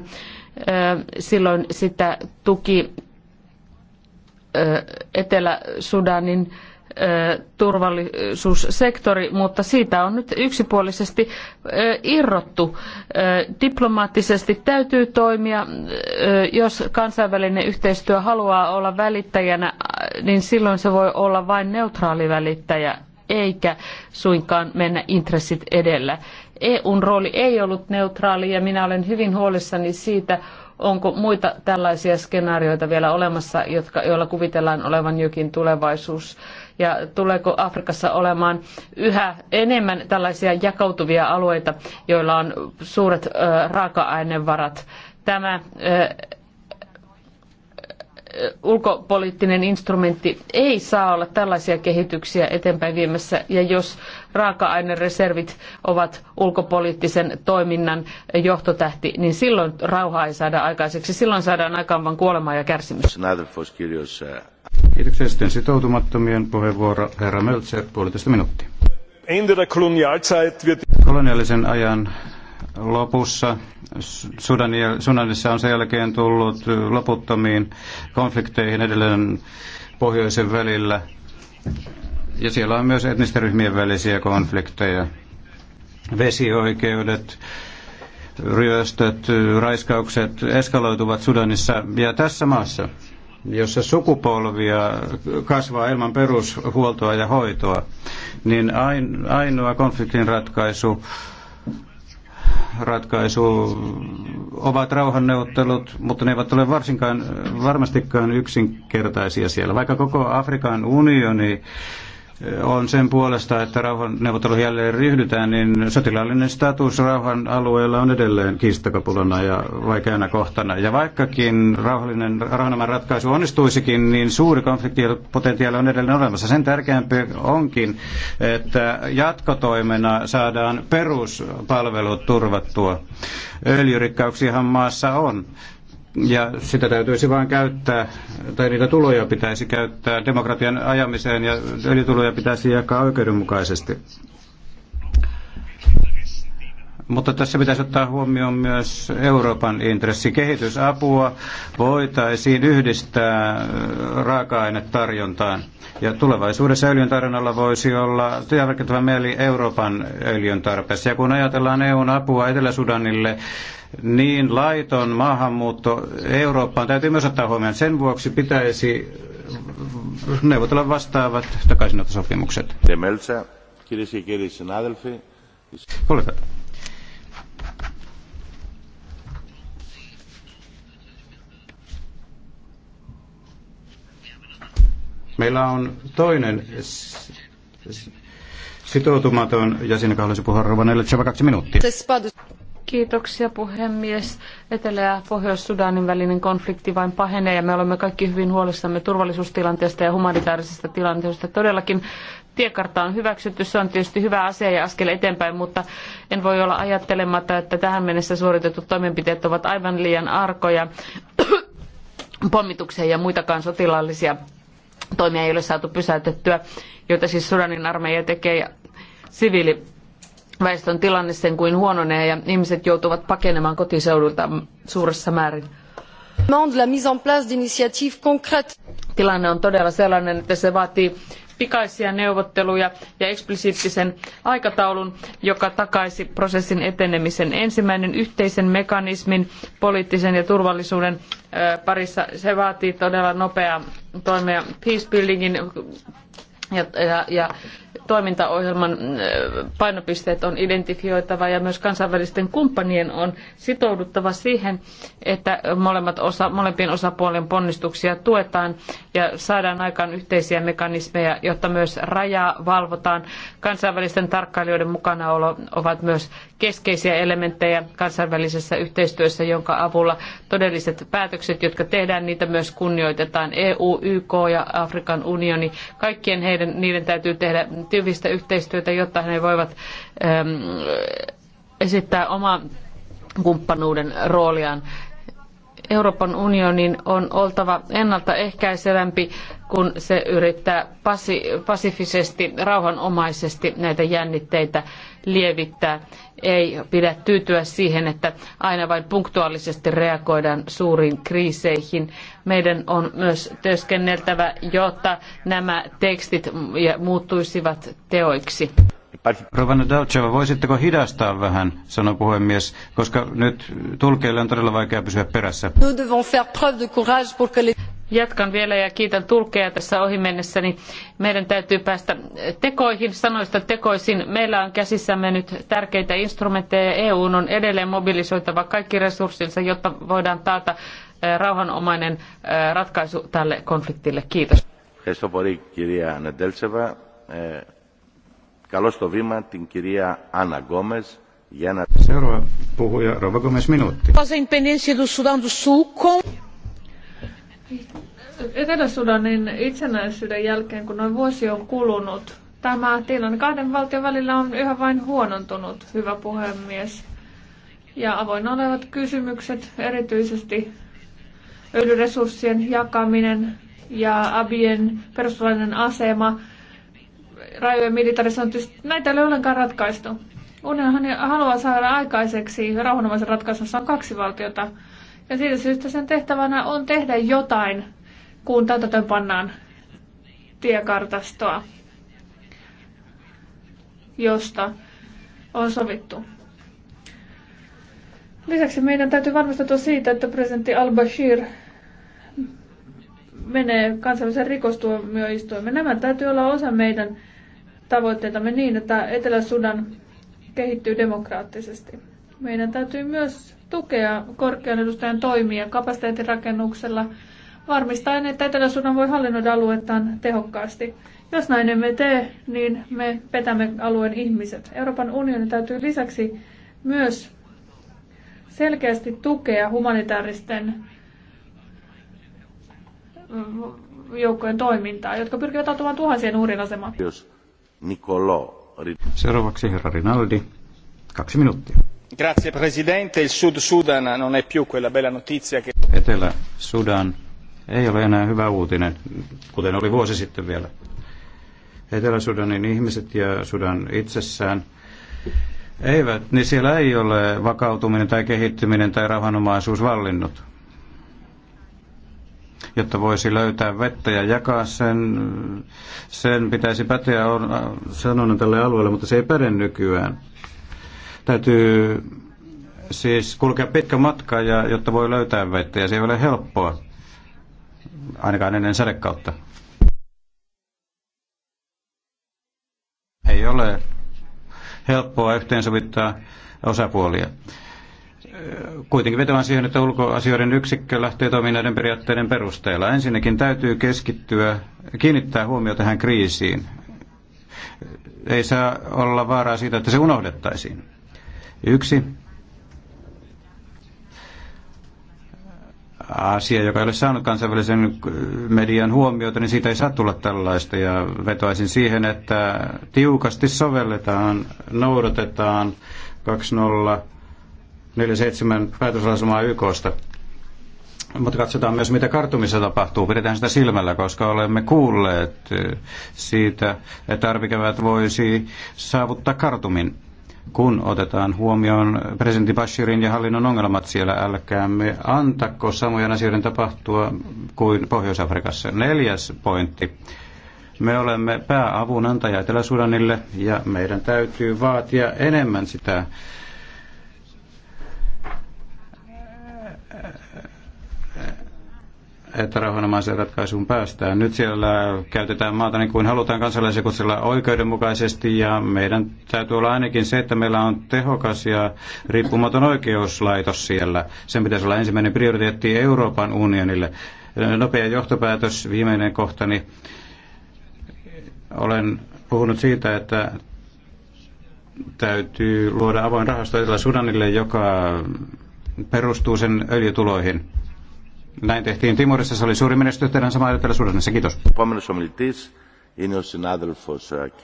Silloin sitä tuki Etelä-Sudanin turvallisuussektori, mutta siitä on nyt yksipuolisesti irrottu. Diplomaattisesti täytyy toimia. Jos kansainvälinen yhteistyö haluaa olla välittäjänä, niin silloin se voi olla vain neutraali välittäjä eikä suinkaan mennä intressit edellä. EUn rooli ei ollut neutraali ja minä olen hyvin huolissani siitä, onko muita tällaisia skenaarioita vielä olemassa, jotka, joilla kuvitellaan olevan jokin tulevaisuus ja tuleeko Afrikassa olemaan yhä enemmän tällaisia jakautuvia alueita, joilla on suuret raaka-ainevarat. Tämä ulkopoliittinen instrumentti ei saa olla tällaisia kehityksiä eteenpäin viemässä. Ja jos raaka-ainereservit ovat ulkopoliittisen toiminnan johtotähti, niin silloin rauhaa ei saada aikaiseksi. Silloin saadaan aikaan vain kuolemaa ja kärsimystä. Kiitoksia sitten sitoutumattomien puheenvuoro herra Möltser, puolitoista minuuttia. Kolonialisen ajan lopussa Sudanissa on sen jälkeen tullut loputtomiin konflikteihin edelleen pohjoisen välillä. Ja siellä on myös etnisten ryhmien välisiä konflikteja. Vesioikeudet, ryöstöt, raiskaukset eskaloituvat Sudanissa ja tässä maassa jossa sukupolvia kasvaa ilman perushuoltoa ja hoitoa, niin ainoa konfliktin ratkaisu, ratkaisu ovat rauhanneuvottelut, mutta ne eivät ole varsinkaan, varmastikaan yksinkertaisia siellä. Vaikka koko Afrikan unioni on sen puolesta, että rauhan jälleen ryhdytään, niin sotilaallinen status rauhan alueella on edelleen kiistakapulana ja vaikeana kohtana. Ja vaikkakin rauhallinen rauhanomaan ratkaisu onnistuisikin, niin suuri konfliktipotentiaali on edelleen olemassa. Sen tärkeämpi onkin, että jatkotoimena saadaan peruspalvelut turvattua. Öljyrikkauksiahan maassa on. Ja sitä täytyisi vain käyttää, tai niitä tuloja pitäisi käyttää demokratian ajamiseen ja ylituloja pitäisi jakaa oikeudenmukaisesti. Mutta tässä pitäisi ottaa huomioon myös Euroopan intressi. Kehitysapua voitaisiin yhdistää raaka-ainetarjontaan. Ja tulevaisuudessa öljyn tarjonnalla voisi olla työverkittävä mieli Euroopan öljyn tarpeessa. Ja kun ajatellaan EUn apua Etelä-Sudanille, niin laiton maahanmuutto Eurooppaan täytyy myös ottaa huomioon. Sen vuoksi pitäisi neuvotella vastaavat takaisinottosopimukset. Kollegat, Meillä on toinen sitoutumaton jäsen, joka haluaisi puhua Rovanelle, kaksi minuuttia. Kiitoksia puhemies. Etelä- ja Pohjois-Sudanin välinen konflikti vain pahenee ja me olemme kaikki hyvin huolissamme turvallisuustilanteesta ja humanitaarisesta tilanteesta. Todellakin tiekartta on hyväksytty, se on tietysti hyvä asia ja askel eteenpäin, mutta en voi olla ajattelematta, että tähän mennessä suoritetut toimenpiteet ovat aivan liian arkoja pommituksia ja muitakaan sotilaallisia toimia ei ole saatu pysäytettyä, joita siis Sudanin armeija tekee ja siviili väestön tilanne sen kuin huononee ja ihmiset joutuvat pakenemaan kotiseudulta suuressa määrin. Tilanne on todella sellainen, että se vaatii pikaisia neuvotteluja ja eksplisiittisen aikataulun, joka takaisi prosessin etenemisen. Ensimmäinen yhteisen mekanismin poliittisen ja turvallisuuden parissa, se vaatii todella nopeaa toimia peacebuildingin ja, ja, ja toimintaohjelman äh, painopisteet on identifioitava ja myös kansainvälisten kumppanien on sitouduttava siihen, että molemmat osa, molempien osapuolien ponnistuksia tuetaan ja saadaan aikaan yhteisiä mekanismeja, jotta myös rajaa valvotaan. Kansainvälisten tarkkailijoiden mukanaolo ovat myös keskeisiä elementtejä kansainvälisessä yhteistyössä, jonka avulla todelliset päätökset, jotka tehdään, niitä myös kunnioitetaan. EU, YK ja Afrikan unioni, kaikkien heidän, niiden täytyy tehdä tiivistä yhteistyötä, jotta he voivat ähm, esittää omaa kumppanuuden rooliaan. Euroopan unionin on oltava ennaltaehkäisevämpi, kun se yrittää pasifisesti, rauhanomaisesti näitä jännitteitä lievittää. Ei pidä tyytyä siihen, että aina vain punktuaalisesti reagoidaan suuriin kriiseihin. Meidän on myös työskenneltävä, jotta nämä tekstit muuttuisivat teoiksi. Rovana Daucheva, voisitteko hidastaa vähän, sanoi puhemies, koska nyt tulkeille on todella vaikea pysyä perässä. Jatkan vielä ja kiitän tulkkeja tässä ohimennessäni. Meidän täytyy päästä tekoihin, sanoista tekoisin. Meillä on käsissämme nyt tärkeitä instrumentteja ja EU on edelleen mobilisoitava kaikki resurssinsa, jotta voidaan taata rauhanomainen ratkaisu tälle konfliktille. Kiitos. Ευχαριστώ πολύ κυρία Νεντέλσεβα. Ε, καλώ στο βήμα την κυρία Άννα Γκόμες για να... Seuraava puhuja, Rova Gomes, minuutti. Etelä-Sudanin itsenäisyyden jälkeen, kun noin vuosi on kulunut, tämä tilanne kahden valtion välillä on yhä vain huonontunut, hyvä puhemies. Ja avoin olevat kysymykset, erityisesti öljyresurssien jakaminen ja abien perustuslainen asema, rajojen militarisointi, näitä ei ole ollenkaan ratkaistu. Unionhan haluaa saada aikaiseksi rauhanomaisen ratkaisun, on kaksi valtiota, ja siitä syystä sen tehtävänä on tehdä jotain, kun täytäntöön pannaan tiekartastoa, josta on sovittu. Lisäksi meidän täytyy varmistua siitä, että presidentti al-Bashir menee kansainvälisen rikostuomioistuimen. Nämä täytyy olla osa meidän tavoitteitamme niin, että Etelä-Sudan kehittyy demokraattisesti. Meidän täytyy myös tukea korkean edustajan toimia kapasiteettirakennuksella varmistaen, että Etelä-Sudan voi hallinnoida aluettaan tehokkaasti. Jos näin emme tee, niin me petämme alueen ihmiset. Euroopan unioni täytyy lisäksi myös selkeästi tukea humanitaaristen joukkojen toimintaa, jotka pyrkivät ottamaan tuhansien uurin asemaan. Seuraavaksi herra Rinaldi. Kaksi minuuttia signor presidente il sud sudan non è più quella bella notizia che. etelä sudan ei ole enää hyvä uutinen kuten oli vuosi sitten vielä. etelä sudanin ihmiset ja sudan itsessään eivät, niin siellä ei ole vakautuminen tai kehittyminen tai rauhanomaisuus vallinnut. Jotta voisi löytää vettä ja jakaa sen, sen pitäisi päteä äh, sanonnan tälle alueelle, mutta se ei päde nykyään Täytyy siis kulkea pitkä matka, ja, jotta voi löytää vettä, ja se ei ole helppoa, ainakaan ennen sadekautta. Ei ole helppoa yhteensovittaa osapuolia. Kuitenkin vetoan siihen, että ulkoasioiden yksikkö lähtee toiminnan periaatteiden perusteella. Ensinnäkin täytyy keskittyä, kiinnittää huomio tähän kriisiin. Ei saa olla vaaraa siitä, että se unohdettaisiin Yksi asia, joka ei ole saanut kansainvälisen median huomiota, niin siitä ei saa tulla tällaista. Ja vetoaisin siihen, että tiukasti sovelletaan, noudatetaan 2047 päätöslausumaa YKsta. Mutta katsotaan myös, mitä kartumissa tapahtuu. Pidetään sitä silmällä, koska olemme kuulleet siitä, että arvikevät voisi saavuttaa kartumin kun otetaan huomioon presidentti Bashirin ja hallinnon ongelmat siellä, älkäämme antako samojen asioiden tapahtua kuin Pohjois-Afrikassa. Neljäs pointti. Me olemme pääavunantaja Etelä-Sudanille ja meidän täytyy vaatia enemmän sitä että rauhanomaiseen ratkaisuun päästään. Nyt siellä käytetään maata niin kuin halutaan kansalaisia kutsella oikeudenmukaisesti ja meidän täytyy olla ainakin se, että meillä on tehokas ja riippumaton oikeuslaitos siellä. Sen pitäisi olla ensimmäinen prioriteetti Euroopan unionille. Nopea johtopäätös, viimeinen kohtani. Olen puhunut siitä, että täytyy luoda avoin rahasto Etelä-Sudanille, joka perustuu sen öljytuloihin. Näin tehtiin Timorissa. Se oli suuri menestys teidän samaa edeltäjällä Sudanissa. Kiitos.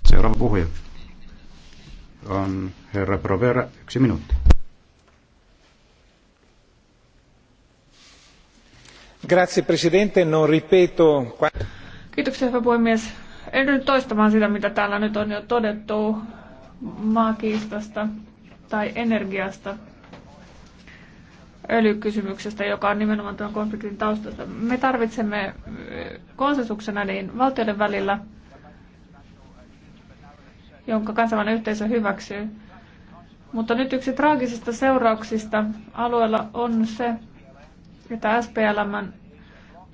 Seuraava puhuja on herra Provera. Yksi minuutti. Grazie Presidente, non ripeto... Kiitoksia hyvä puhemies. En nyt toistamaan sitä, mitä täällä nyt on jo todettu maakiistasta tai energiasta öljykysymyksestä, joka on nimenomaan tuon konfliktin taustasta. Me tarvitsemme äh, konsensuksena niin valtioiden välillä, jonka kansainvälinen yhteisö hyväksyy. Mutta nyt yksi traagisista seurauksista alueella on se, että SPLM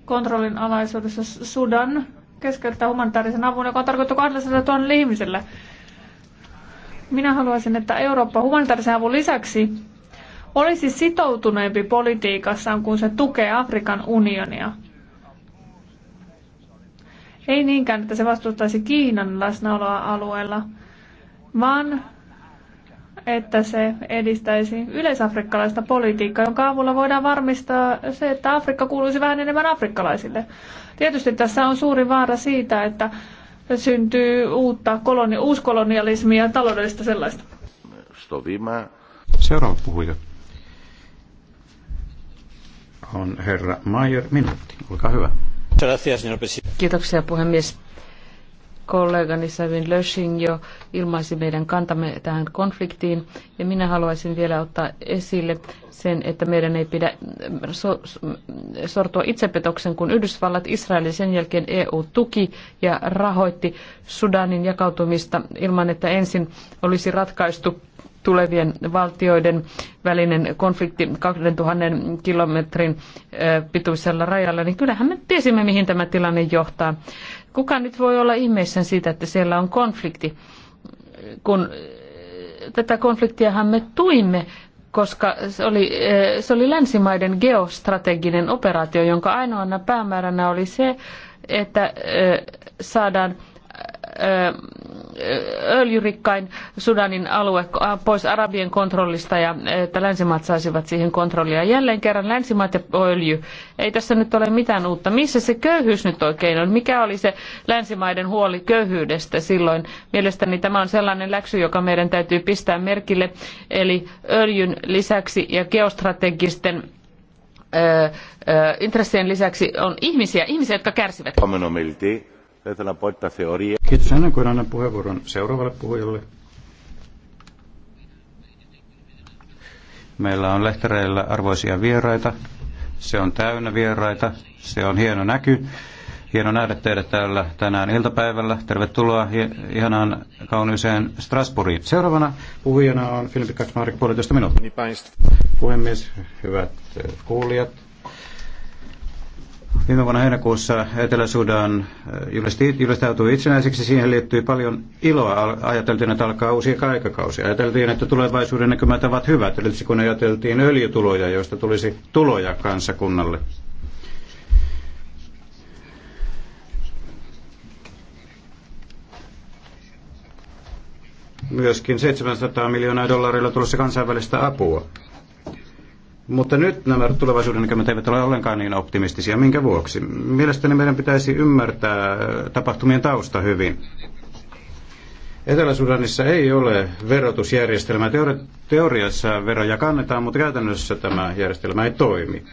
kontrollin alaisuudessa Sudan keskeyttää humanitaarisen avun, joka on tarkoittu 200 000 ihmiselle. Minä haluaisin, että Eurooppa humanitaarisen avun lisäksi olisi sitoutuneempi politiikassaan, kun se tukee Afrikan unionia. Ei niinkään, että se vastustaisi Kiinan läsnäoloa alueella, vaan että se edistäisi yleisafrikkalaista politiikkaa, jonka avulla voidaan varmistaa se, että Afrikka kuuluisi vähän enemmän afrikkalaisille. Tietysti tässä on suuri vaara siitä, että syntyy uutta koloni, uuskolonialismia ja taloudellista sellaista. Seuraava puhuja on herra Minuutti, olkaa hyvä. Kiitoksia puhemies. Kollegani Savin Lösching jo ilmaisi meidän kantamme tähän konfliktiin ja minä haluaisin vielä ottaa esille sen, että meidän ei pidä mm, so- mm, sortua itsepetoksen, kun Yhdysvallat ja sen jälkeen EU tuki ja rahoitti Sudanin jakautumista ilman, että ensin olisi ratkaistu tulevien valtioiden välinen konflikti 2000 kilometrin pituisella rajalla, niin kyllähän me tiesimme, mihin tämä tilanne johtaa. Kuka nyt voi olla ihmeissään siitä, että siellä on konflikti, kun tätä konfliktiahan me tuimme, koska se oli, se oli länsimaiden geostrateginen operaatio, jonka ainoana päämääränä oli se, että saadaan öljyrikkain Sudanin alue pois Arabien kontrollista ja että länsimaat saisivat siihen kontrollia. Jälleen kerran länsimaat ja öljy. Ei tässä nyt ole mitään uutta. Missä se köyhyys nyt oikein on? Mikä oli se länsimaiden huoli köyhyydestä silloin? Mielestäni tämä on sellainen läksy, joka meidän täytyy pistää merkille. Eli öljyn lisäksi ja geostrategisten intressien lisäksi on ihmisiä, ihmisiä, jotka kärsivät. Kiitos ennen kuin annan puheenvuoron seuraavalle puhujalle. Meillä on lehtereillä arvoisia vieraita. Se on täynnä vieraita. Se on hieno näky. Hieno nähdä teidät täällä tänään iltapäivällä. Tervetuloa ihanaan kauniiseen Strasbourgiin. Seuraavana puhujana on Filippi Kaksmaari, puolitoista minuuttia. Puhemies, hyvät kuulijat, Viime vuonna heinäkuussa Etelä-Sudan eh, julistautui itsenäiseksi. Siihen liittyy paljon iloa. Ajateltiin, että alkaa uusia aikakausia. Ajateltiin, että tulevaisuuden näkymät ovat hyvät. Tietysti kun ajateltiin öljytuloja, joista tulisi tuloja kansakunnalle. Myöskin 700 miljoonaa dollarilla tulossa kansainvälistä apua. Mutta nyt nämä tulevaisuuden näkymät eivät ole ollenkaan niin optimistisia. Minkä vuoksi? Mielestäni meidän pitäisi ymmärtää tapahtumien tausta hyvin. Etelä-Sudanissa ei ole verotusjärjestelmää. Teori- teoriassa veroja kannetaan, mutta käytännössä tämä järjestelmä ei toimi.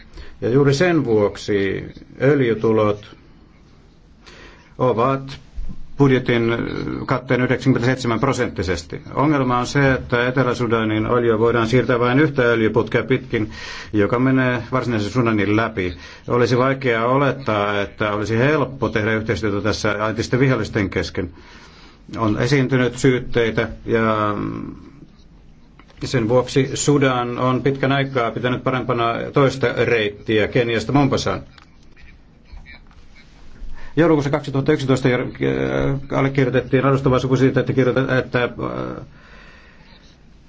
Ja juuri sen vuoksi öljytulot ovat budjetin äh, katteen 97 prosenttisesti. Ongelma on se, että Etelä-Sudanin öljyä voidaan siirtää vain yhtä öljyputkea pitkin, joka menee varsinaisen Sudanin läpi. Olisi vaikea olettaa, että olisi helppo tehdä yhteistyötä tässä aitisten vihollisten kesken. On esiintynyt syytteitä ja sen vuoksi Sudan on pitkän aikaa pitänyt parempana toista reittiä Keniasta Mombasaan. Joulukuussa 2011 äh, allekirjoitettiin arvostava sopu siitä, että, että äh,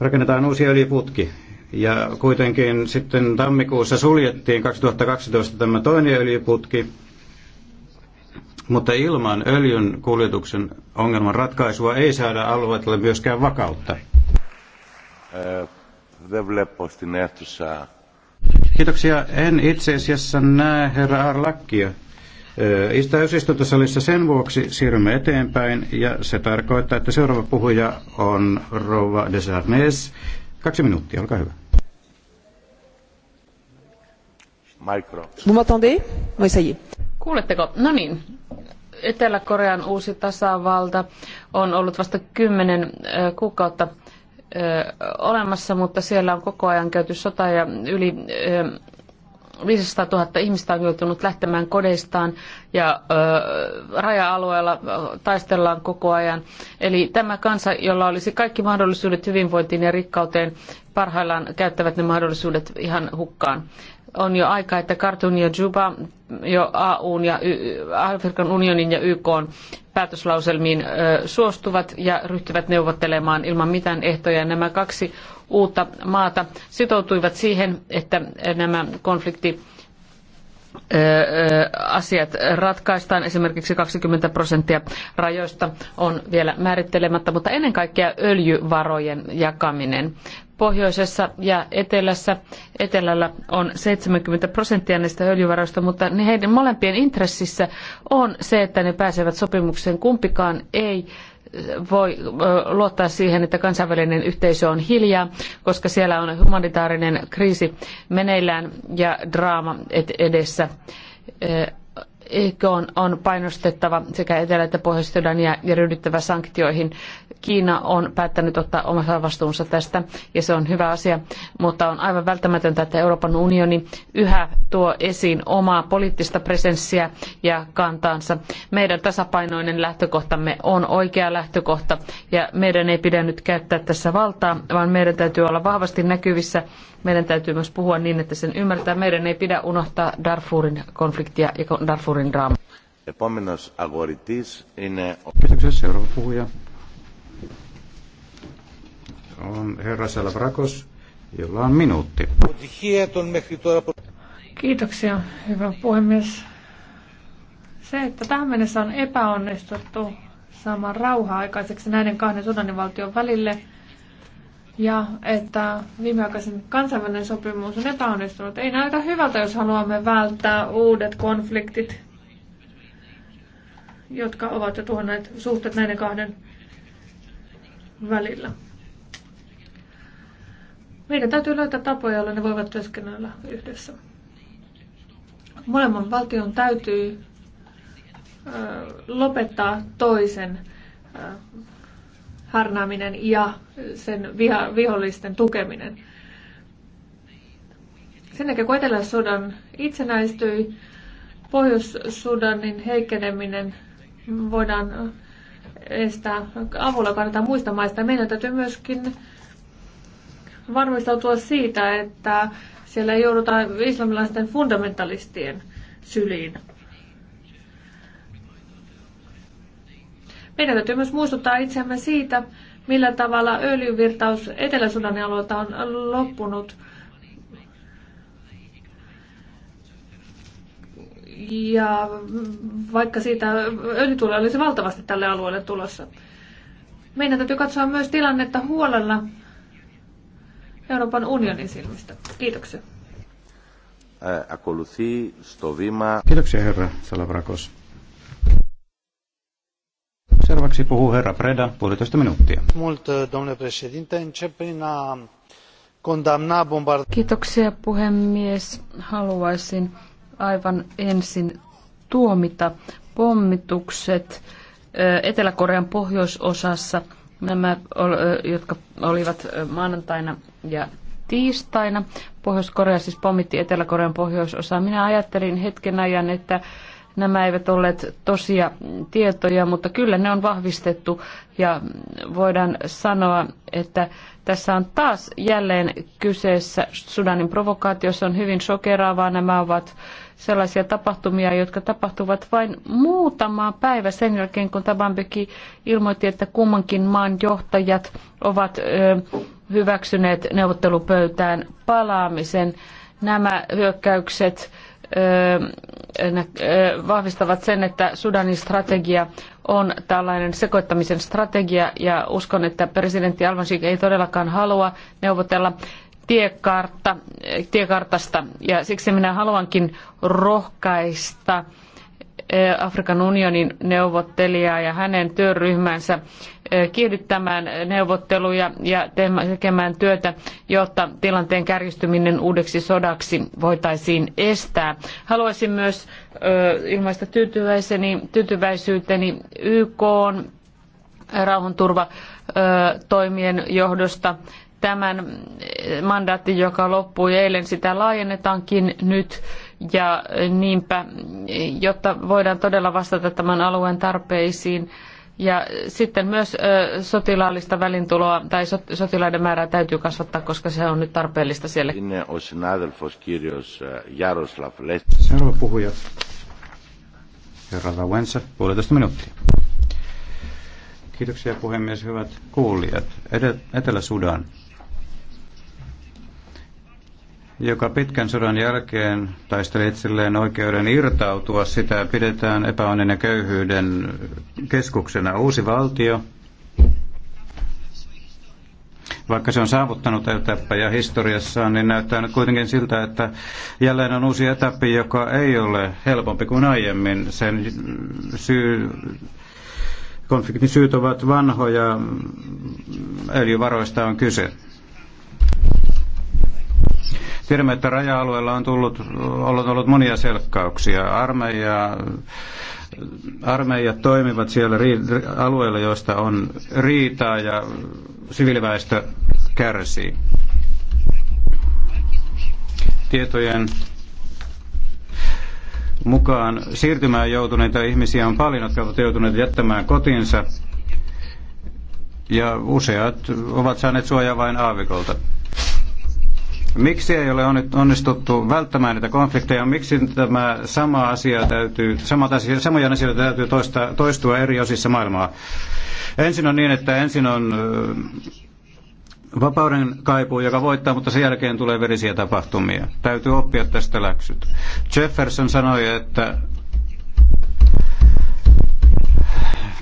rakennetaan uusi öljyputki. Ja kuitenkin sitten tammikuussa suljettiin 2012 tämä toinen öljyputki, mutta ilman öljyn kuljetuksen ongelman ratkaisua ei saada alueelle myöskään vakautta. Äh, Kiitoksia. En itse asiassa näe herra Arlakkia täysistuntosalissa. Sen vuoksi siirrymme eteenpäin ja se tarkoittaa, että seuraava puhuja on Rova Desarnes. Kaksi minuuttia, olkaa hyvä. Micro. Vous Kuuletteko? No niin. Etelä-Korean uusi tasavalta on ollut vasta kymmenen kuukautta olemassa, mutta siellä on koko ajan käyty sota ja yli 500 000 ihmistä on joutunut lähtemään kodeistaan ja ö, raja-alueella taistellaan koko ajan. Eli tämä kansa, jolla olisi kaikki mahdollisuudet hyvinvointiin ja rikkauteen, parhaillaan käyttävät ne mahdollisuudet ihan hukkaan on jo aika, että Khartoum ja Juba jo AUn ja Afrikan unionin ja YK päätöslauselmiin suostuvat ja ryhtyvät neuvottelemaan ilman mitään ehtoja. Nämä kaksi uutta maata sitoutuivat siihen, että nämä konflikti asiat ratkaistaan. Esimerkiksi 20 prosenttia rajoista on vielä määrittelemättä, mutta ennen kaikkea öljyvarojen jakaminen pohjoisessa ja etelässä. Etelällä on 70 prosenttia näistä öljyvaroista, mutta heidän molempien intressissä on se, että ne pääsevät sopimukseen. Kumpikaan ei äh, voi äh, luottaa siihen, että kansainvälinen yhteisö on hiljaa, koska siellä on humanitaarinen kriisi meneillään ja draama edessä. Äh, YK on, on painostettava sekä Etelä- että Pohjois-Sudania ja ryhdyttävä sanktioihin. Kiina on päättänyt ottaa omassa vastuunsa tästä ja se on hyvä asia, mutta on aivan välttämätöntä, että Euroopan unioni yhä tuo esiin omaa poliittista presenssiä ja kantaansa. Meidän tasapainoinen lähtökohtamme on oikea lähtökohta ja meidän ei pidä nyt käyttää tässä valtaa, vaan meidän täytyy olla vahvasti näkyvissä. Meidän täytyy myös puhua niin, että sen ymmärtää. Meidän ei pidä unohtaa Darfurin konfliktia ja Darfurin suurin draama. Επόμενος αγορητής είναι... Kiitoksia seuraava puhuja. On herra Salavrakos, jolla on minuutti. Kiitoksia, hyvä puhemies. Se, että tähän mennessä on epäonnistuttu saamaan rauhaa aikaiseksi näiden kahden sodanivaltion välille ja että viimeaikaisen kansainvälinen sopimus on epäonnistunut. Ei näytä hyvältä, jos haluamme välttää uudet konfliktit jotka ovat jo tuhonneet suhteet näiden kahden välillä. Meidän täytyy löytää tapoja, joilla ne voivat työskennellä yhdessä. Molemman valtion täytyy lopettaa toisen harnaaminen ja sen viha, vihollisten tukeminen. Sen jälkeen kun Etelä-Sudan itsenäistyi, Pohjois-Sudanin heikkeneminen voidaan estää avulla kannattaa muista maista. Meidän täytyy myöskin varmistautua siitä, että siellä ei jouduta islamilaisten fundamentalistien syliin. Meidän täytyy myös muistuttaa itseämme siitä, millä tavalla öljyvirtaus Etelä-Sudanin alueelta on loppunut – Ja vaikka siitä öljytuloja olisi valtavasti tälle alueelle tulossa. Meidän täytyy katsoa myös tilannetta huolella Euroopan unionin silmistä. Kiitoksia. Kiitoksia herra Salavrakos. Seuraavaksi puhuu herra Preda, puolitoista minuuttia. Mult, condamna bombard... Kiitoksia puhemies. Haluaisin aivan ensin tuomita pommitukset Etelä-Korean pohjoisosassa, nämä, jotka olivat maanantaina ja tiistaina. Pohjois-Korea siis pommitti Etelä-Korean pohjoisosaa. Minä ajattelin hetken ajan, että nämä eivät olleet tosia tietoja, mutta kyllä ne on vahvistettu ja voidaan sanoa, että tässä on taas jälleen kyseessä Sudanin provokaatio. Se on hyvin sokeraavaa, Nämä ovat sellaisia tapahtumia, jotka tapahtuvat vain muutama päivä sen jälkeen, kun Tabambeki ilmoitti, että kummankin maan johtajat ovat hyväksyneet neuvottelupöytään palaamisen. Nämä hyökkäykset vahvistavat sen, että Sudanin strategia on tällainen sekoittamisen strategia ja uskon, että presidentti Alvansik ei todellakaan halua neuvotella tiekartta, tiekartasta. Ja siksi minä haluankin rohkaista eh, Afrikan unionin neuvottelijaa ja hänen työryhmänsä eh, kiihdyttämään neuvotteluja ja tekemään työtä, jotta tilanteen kärjistyminen uudeksi sodaksi voitaisiin estää. Haluaisin myös eh, ilmaista tyytyväiseni, tyytyväisyyteni YK rauhanturvatoimien johdosta tämän eh, mandaatin, joka loppui eilen, sitä laajennetaankin nyt ja eh, niinpä, eh, jotta voidaan todella vastata tämän alueen tarpeisiin. Ja sitten myös sotilaallista välintuloa tai sotilaiden määrää täytyy kasvattaa, koska se on nyt tarpeellista siellä. Seuraava puhuja. Herra Lauensa, puolitoista minuuttia. Kiitoksia puhemies, hyvät kuulijat. Etelä-Sudan joka pitkän sodan jälkeen taisteli itselleen oikeuden irtautua, sitä pidetään epäonnen ja köyhyyden keskuksena. Uusi valtio, vaikka se on saavuttanut etappeja historiassaan, niin näyttää nyt kuitenkin siltä, että jälleen on uusi etappi, joka ei ole helpompi kuin aiemmin. Sen syy, konfliktin syyt ovat vanhoja, öljyvaroista on kyse. Tiedämme, että raja-alueella on, tullut, ollut ollut monia selkkauksia. Armeija, armeijat toimivat siellä ri, alueella, joista on riitaa ja siviiliväestö kärsii. Tietojen mukaan siirtymään joutuneita ihmisiä on paljon, jotka ovat joutuneet jättämään kotinsa ja useat ovat saaneet suojaa vain aavikolta. Miksi ei ole onnistuttu välttämään niitä konflikteja? Miksi tämä sama asia täytyy, samat asia, samoja asioita täytyy toista, toistua eri osissa maailmaa? Ensin on niin, että ensin on vapauden kaipuu, joka voittaa, mutta sen jälkeen tulee verisiä tapahtumia. Täytyy oppia tästä läksyt. Jefferson sanoi, että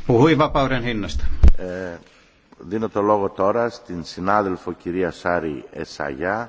puhui vapauden hinnasta. Dinotologo το λόγο τώρα στην esaja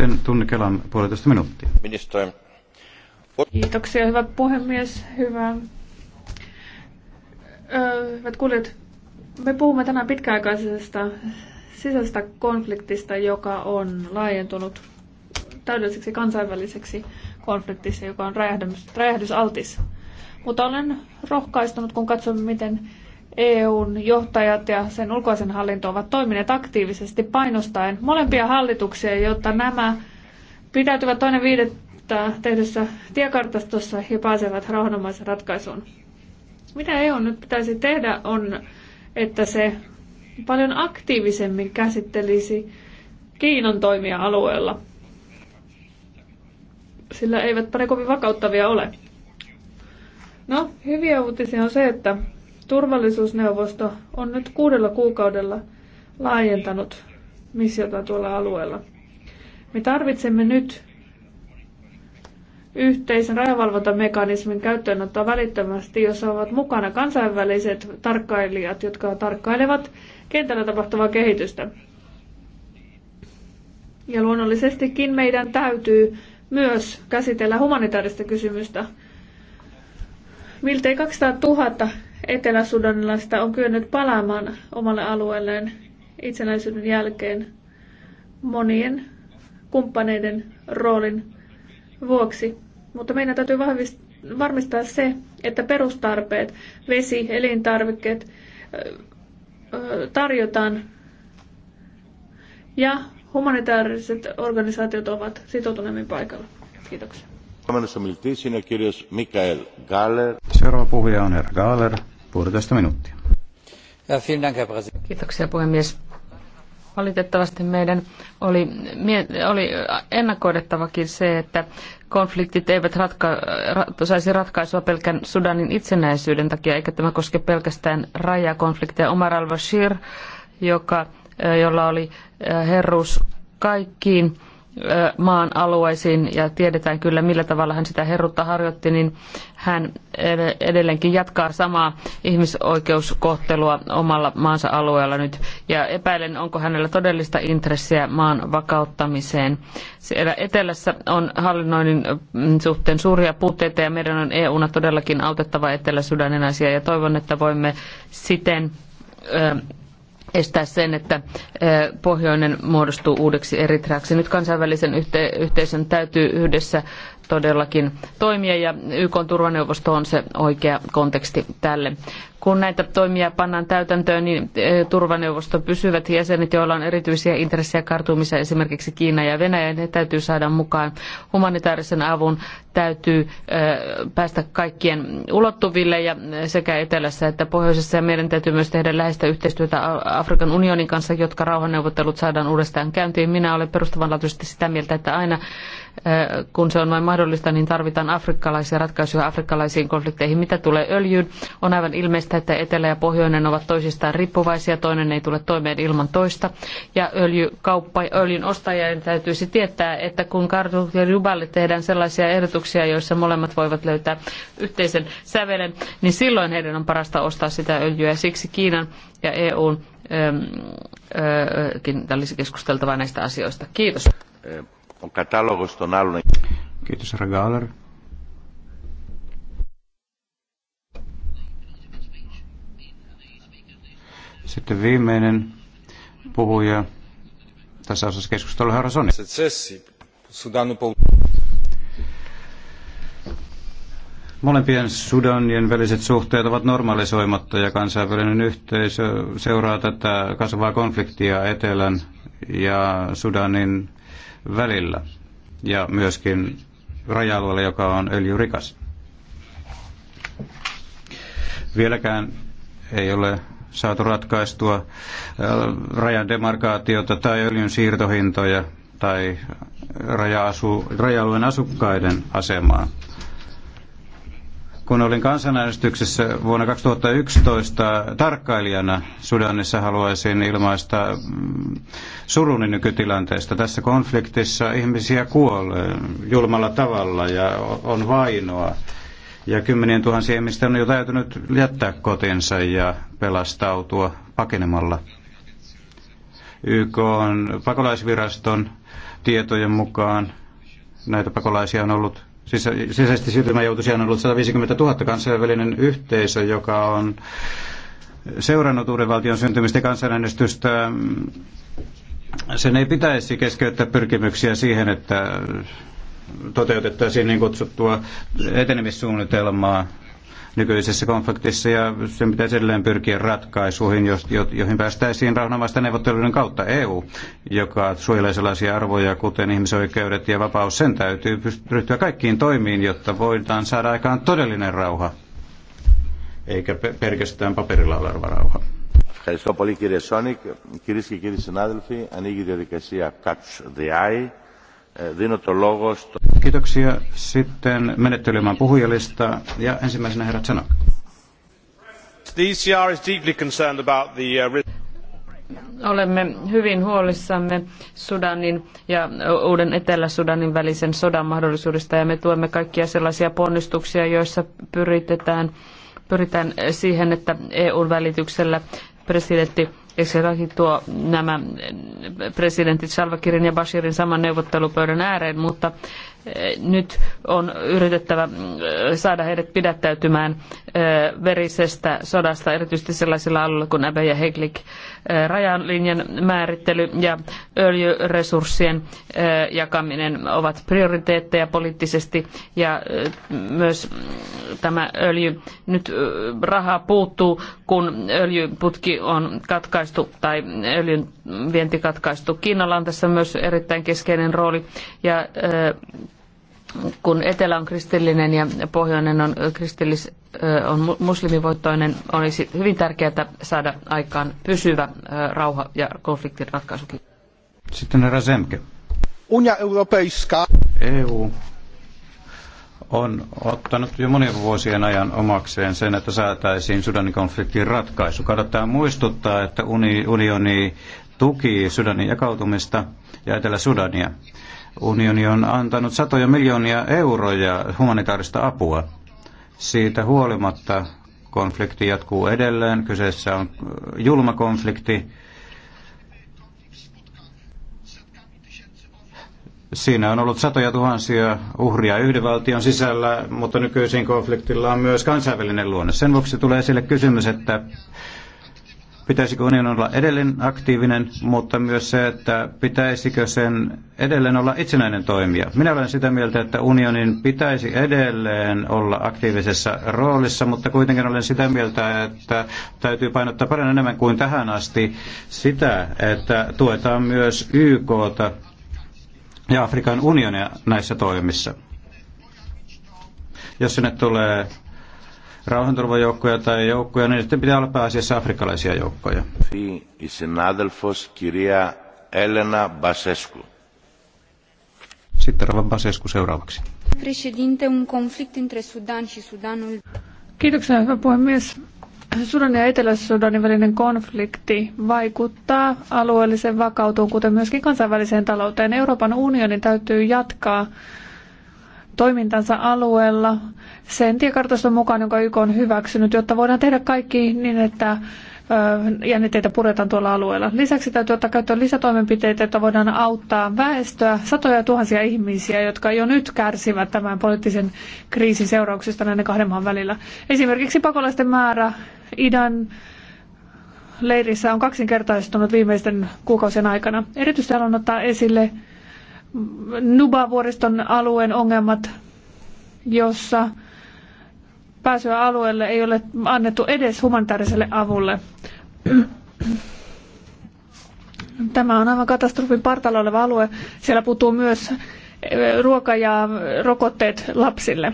Sitten tunni Kelan puolitoista minuuttia. Ministeri. Kiitoksia, hyvä puhemies. Hyvä. Öö, hyvät kuulijat, me puhumme tänään pitkäaikaisesta sisäisestä konfliktista, joka on laajentunut täydelliseksi kansainväliseksi konfliktiksi, joka on räjähdysaltis. Mutta olen rohkaistunut, kun katsomme, miten EUn johtajat ja sen ulkoisen hallinto ovat toimineet aktiivisesti painostaen molempia hallituksia, jotta nämä pitäytyvät toinen viidettä tehdyssä tiekartastossa ja pääsevät rauhanomaisen ratkaisuun. Mitä EU nyt pitäisi tehdä on, että se paljon aktiivisemmin käsittelisi Kiinan toimia alueella, sillä eivät ne kovin vakauttavia ole. No, hyviä uutisia on se, että Turvallisuusneuvosto on nyt kuudella kuukaudella laajentanut missiota tuolla alueella. Me tarvitsemme nyt yhteisen rajavalvontamekanismin käyttöönottoa välittömästi, jossa ovat mukana kansainväliset tarkkailijat, jotka tarkkailevat kentällä tapahtuvaa kehitystä. Ja luonnollisestikin meidän täytyy myös käsitellä humanitaarista kysymystä. Miltei 200 000 eteläsudanilaista on kyennyt palaamaan omalle alueelleen itsenäisyyden jälkeen monien kumppaneiden roolin vuoksi. Mutta meidän täytyy varmistaa se, että perustarpeet, vesi, elintarvikkeet tarjotaan ja humanitaariset organisaatiot ovat sitoutuneemmin paikalla. Kiitoksia. Seuraava on Kiitoksia puhemies. Valitettavasti meidän oli, ennakoitavakin se, että konfliktit eivät ratka, saisi ratkaisua pelkän Sudanin itsenäisyyden takia, eikä tämä koske pelkästään rajakonflikteja. Omar al-Bashir, joka, eh, jolla oli eh, herruus kaikkiin maan alueisiin ja tiedetään kyllä millä tavalla hän sitä herrutta harjoitti, niin hän edelleenkin jatkaa samaa ihmisoikeuskohtelua omalla maansa alueella nyt. Ja epäilen, onko hänellä todellista intressiä maan vakauttamiseen. Siellä etelässä on hallinnoinnin mm, suhteen suuria puutteita ja meidän on EUna todellakin autettava etelä ja toivon, että voimme siten estää sen, että pohjoinen muodostuu uudeksi Eritreaksi. Nyt kansainvälisen yhteisön täytyy yhdessä todellakin toimia ja YK turvaneuvosto on se oikea konteksti tälle kun näitä toimia pannaan täytäntöön, niin e, turvaneuvosto pysyvät jäsenet, joilla on erityisiä intressejä kartumissa, esimerkiksi Kiina ja Venäjä, ne täytyy saada mukaan. Humanitaarisen avun täytyy e, päästä kaikkien ulottuville ja e, sekä etelässä että pohjoisessa. Ja meidän täytyy myös tehdä läheistä yhteistyötä Afrikan unionin kanssa, jotka rauhanneuvottelut saadaan uudestaan käyntiin. Minä olen perustavanlaatuisesti sitä mieltä, että aina kun se on vain mahdollista, niin tarvitaan afrikkalaisia ratkaisuja afrikkalaisiin konflikteihin. Mitä tulee öljyyn, on aivan ilmeistä, sitä, että etelä ja pohjoinen ovat toisistaan riippuvaisia, toinen ei tule toimeen ilman toista. Ja öljykauppa, öljyn ostajien täytyisi tietää, että kun Karduk ja Ruballe tehdään sellaisia ehdotuksia, joissa molemmat voivat löytää yhteisen sävelen, niin silloin heidän on parasta ostaa sitä öljyä. Siksi Kiinan ja EUn öökin ähm, äh, äh, olisi keskusteltava näistä asioista. Kiitos. Eh, Kiitos, Ragaler. Sitten viimeinen puhuja tässä osassa keskustelua, herra Soni. Molempien Sudanien väliset suhteet ovat normalisoimatta ja kansainvälinen yhteisö seuraa tätä kasvavaa konfliktia Etelän ja Sudanin välillä ja myöskin raja joka on öljyrikas. Vieläkään ei ole saatu ratkaistua äh, rajan demarkaatiota tai öljyn siirtohintoja tai raja-alueen asukkaiden asemaa. Kun olin kansanäänestyksessä vuonna 2011 tarkkailijana Sudanissa, haluaisin ilmaista mm, suruni nykytilanteesta. Tässä konfliktissa ihmisiä kuolee julmalla tavalla ja on vainoa ja kymmenien tuhansien ihmistä on jo täytynyt jättää kotinsa ja pelastautua pakenemalla. YK on pakolaisviraston tietojen mukaan näitä pakolaisia on ollut sisäisesti siirtymäjoutuisia on ollut 150 000 kansainvälinen yhteisö, joka on seurannut uuden valtion syntymistä ja kansanäänestystä. Sen ei pitäisi keskeyttää pyrkimyksiä siihen, että toteutettaisiin niin kutsuttua etenemissuunnitelmaa nykyisessä konfliktissa ja sen pitäisi edelleen pyrkiä ratkaisuihin, joihin päästäisiin rauhanomaisten neuvotteluiden kautta. EU, joka suojelee sellaisia arvoja kuten ihmisoikeudet ja vapaus, sen täytyy ryhtyä kaikkiin toimiin, jotta voidaan saada aikaan todellinen rauha, eikä pelkästään paperilla oleva rauha. kiitos, kiitos, kiitos, kiitos, kiitos, kiitos, kiitos, kiitos, kiitos, kiitos, kiitos, Catch the Eye. Kiitoksia. Sitten menettelymään puhujalista ja ensimmäisenä herrat sanok. E uh, Olemme hyvin huolissamme Sudanin ja uuden Etelä-Sudanin välisen sodan mahdollisuudesta ja me tuemme kaikkia sellaisia ponnistuksia, joissa pyritään siihen, että eu välityksellä presidentti Esi tuo nämä presidentit Salva ja Bashirin saman neuvottelupöydän ääreen, mutta nyt on yritettävä mm, saada heidät pidättäytymään mm, verisestä sodasta, erityisesti sellaisilla alueilla kuin Abe ja Heglik. Mm, Rajanlinjan määrittely ja öljyresurssien jakaminen ovat prioriteetteja poliittisesti ja myös tämä öljy, nyt rahaa puuttuu, kun öljyputki on katkaistu tai öljyn vienti katkaistu. Kiinalla on tässä myös erittäin keskeinen rooli ja kun etelä on kristillinen ja pohjoinen on, kristillis, on muslimivoittoinen, olisi hyvin tärkeää saada aikaan pysyvä rauha ja konfliktin ratkaisukin. Sitten Razemke. Unia Europeiska. EU on ottanut jo monien vuosien ajan omakseen sen, että saataisiin Sudanin konfliktin ratkaisu. Kannattaa muistuttaa, että uni, unioni tuki Sudanin jakautumista ja Etelä-Sudania. Unioni on antanut satoja miljoonia euroja humanitaarista apua. Siitä huolimatta konflikti jatkuu edelleen. Kyseessä on äh, julma konflikti. Siinä on ollut satoja tuhansia uhria yhden valtion sisällä, mutta nykyisin konfliktilla on myös kansainvälinen luonne. Sen vuoksi tulee esille kysymys, että pitäisikö unionin olla edelleen aktiivinen, mutta myös se, että pitäisikö sen edelleen olla itsenäinen toimija. Minä olen sitä mieltä, että unionin pitäisi edelleen olla aktiivisessa roolissa, mutta kuitenkin olen sitä mieltä, että täytyy painottaa paljon enemmän kuin tähän asti sitä, että tuetaan myös YKta ja Afrikan unionia näissä toimissa. Jos sinne tulee rauhanturvajoukkoja tai joukkoja, niin sitten pitää olla pääasiassa afrikkalaisia joukkoja. Sitten Rova Basescu seuraavaksi. Președinte, un conflict între Sudan și Sudanul... Kiitoksia, hyvä puhemies. Sudan ja Etelä-Sudanin välinen konflikti vaikuttaa alueelliseen vakautuun, kuten myöskin kansainväliseen talouteen. Euroopan unionin täytyy jatkaa toimintansa alueella sen tiekartaston mukaan, jonka YK on hyväksynyt, jotta voidaan tehdä kaikki niin, että jännitteitä puretaan tuolla alueella. Lisäksi täytyy ottaa käyttöön lisätoimenpiteitä, jotta voidaan auttaa väestöä, satoja tuhansia ihmisiä, jotka jo nyt kärsivät tämän poliittisen kriisin seurauksista näiden kahden maan välillä. Esimerkiksi pakolaisten määrä idän leirissä on kaksinkertaistunut viimeisten kuukausien aikana. Erityisesti haluan ottaa esille Nuba-vuoriston alueen ongelmat, jossa pääsyä alueelle ei ole annettu edes humanitaariselle avulle. Tämä on aivan katastrofin partalla oleva alue. Siellä puuttuu myös eh, ruoka ja rokotteet lapsille.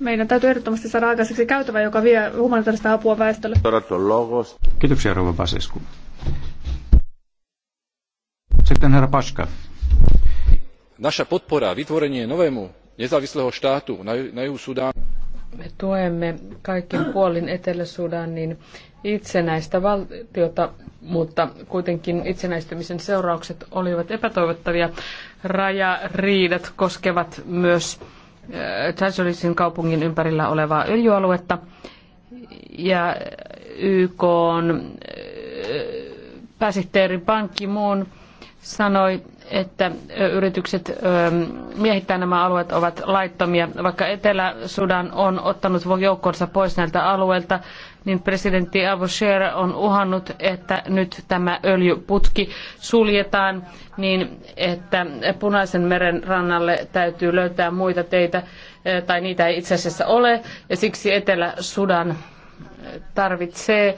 Meidän täytyy ehdottomasti saada aikaiseksi käytävä, joka vie humanitaarista apua väestölle. Kiitoksia, Rouva Basescu. Sitten herra Paska naša podpora vytvorenie novému nezávislého štátu na juhu sudánu me tuemme kaikin puolin Etelä-Sudanin itsenäistä valtiota, mutta kuitenkin itsenäistymisen seuraukset olivat epätoivottavia. Rajariidat koskevat myös Chajolisin äh, kaupungin ympärillä olevaa öljyaluetta ja äh, YK äh, pääsihteeri Ban Ki-moon sanoi että yritykset miehittää nämä alueet ovat laittomia. Vaikka Etelä-Sudan on ottanut joukkonsa pois näiltä alueilta, niin presidentti Abu Sher on uhannut, että nyt tämä öljyputki suljetaan niin, että Punaisen meren rannalle täytyy löytää muita teitä, tai niitä ei itse asiassa ole, ja siksi Etelä-Sudan tarvitsee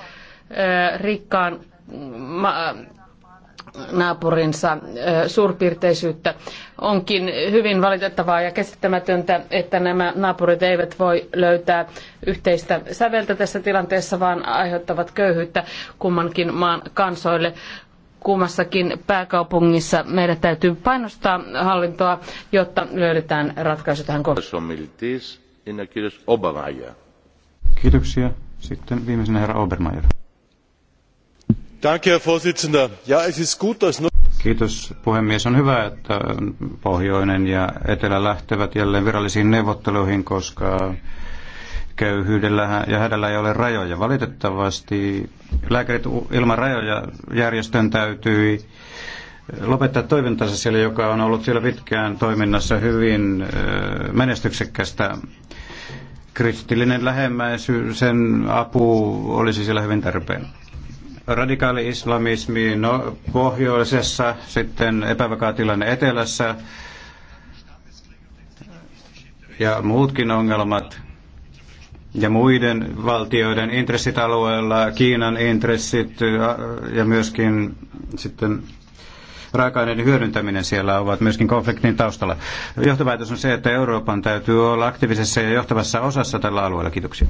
rikkaan naapurinsa suurpiirteisyyttä. Onkin hyvin valitettavaa ja käsittämätöntä, että nämä naapurit eivät voi löytää yhteistä säveltä tässä tilanteessa, vaan aiheuttavat köyhyyttä kummankin maan kansoille kummassakin pääkaupungissa meidän täytyy painostaa hallintoa, jotta löydetään ratkaisu tähän kohtaan. Kiitoksia. Sitten viimeisenä herra Obermeier. Kiitos puhemies. On hyvä, että pohjoinen ja etelä lähtevät jälleen virallisiin neuvotteluihin, koska köyhyydellä ja hädällä ei ole rajoja. Valitettavasti lääkärit ilman rajoja järjestön täytyi lopettaa toimintansa siellä, joka on ollut siellä pitkään toiminnassa hyvin menestyksekkästä kristillinen lähemmäisyys, sen apu olisi siellä hyvin tarpeen radikaali-islamismiin no, pohjoisessa, sitten epävakaa tilanne etelässä ja muutkin ongelmat ja muiden valtioiden intressit alueella, Kiinan intressit ja myöskin sitten raaka-aineiden hyödyntäminen siellä ovat myöskin konfliktin taustalla. Johtopäätös on se, että Euroopan täytyy olla aktiivisessa ja johtavassa osassa tällä alueella. Kiitoksia.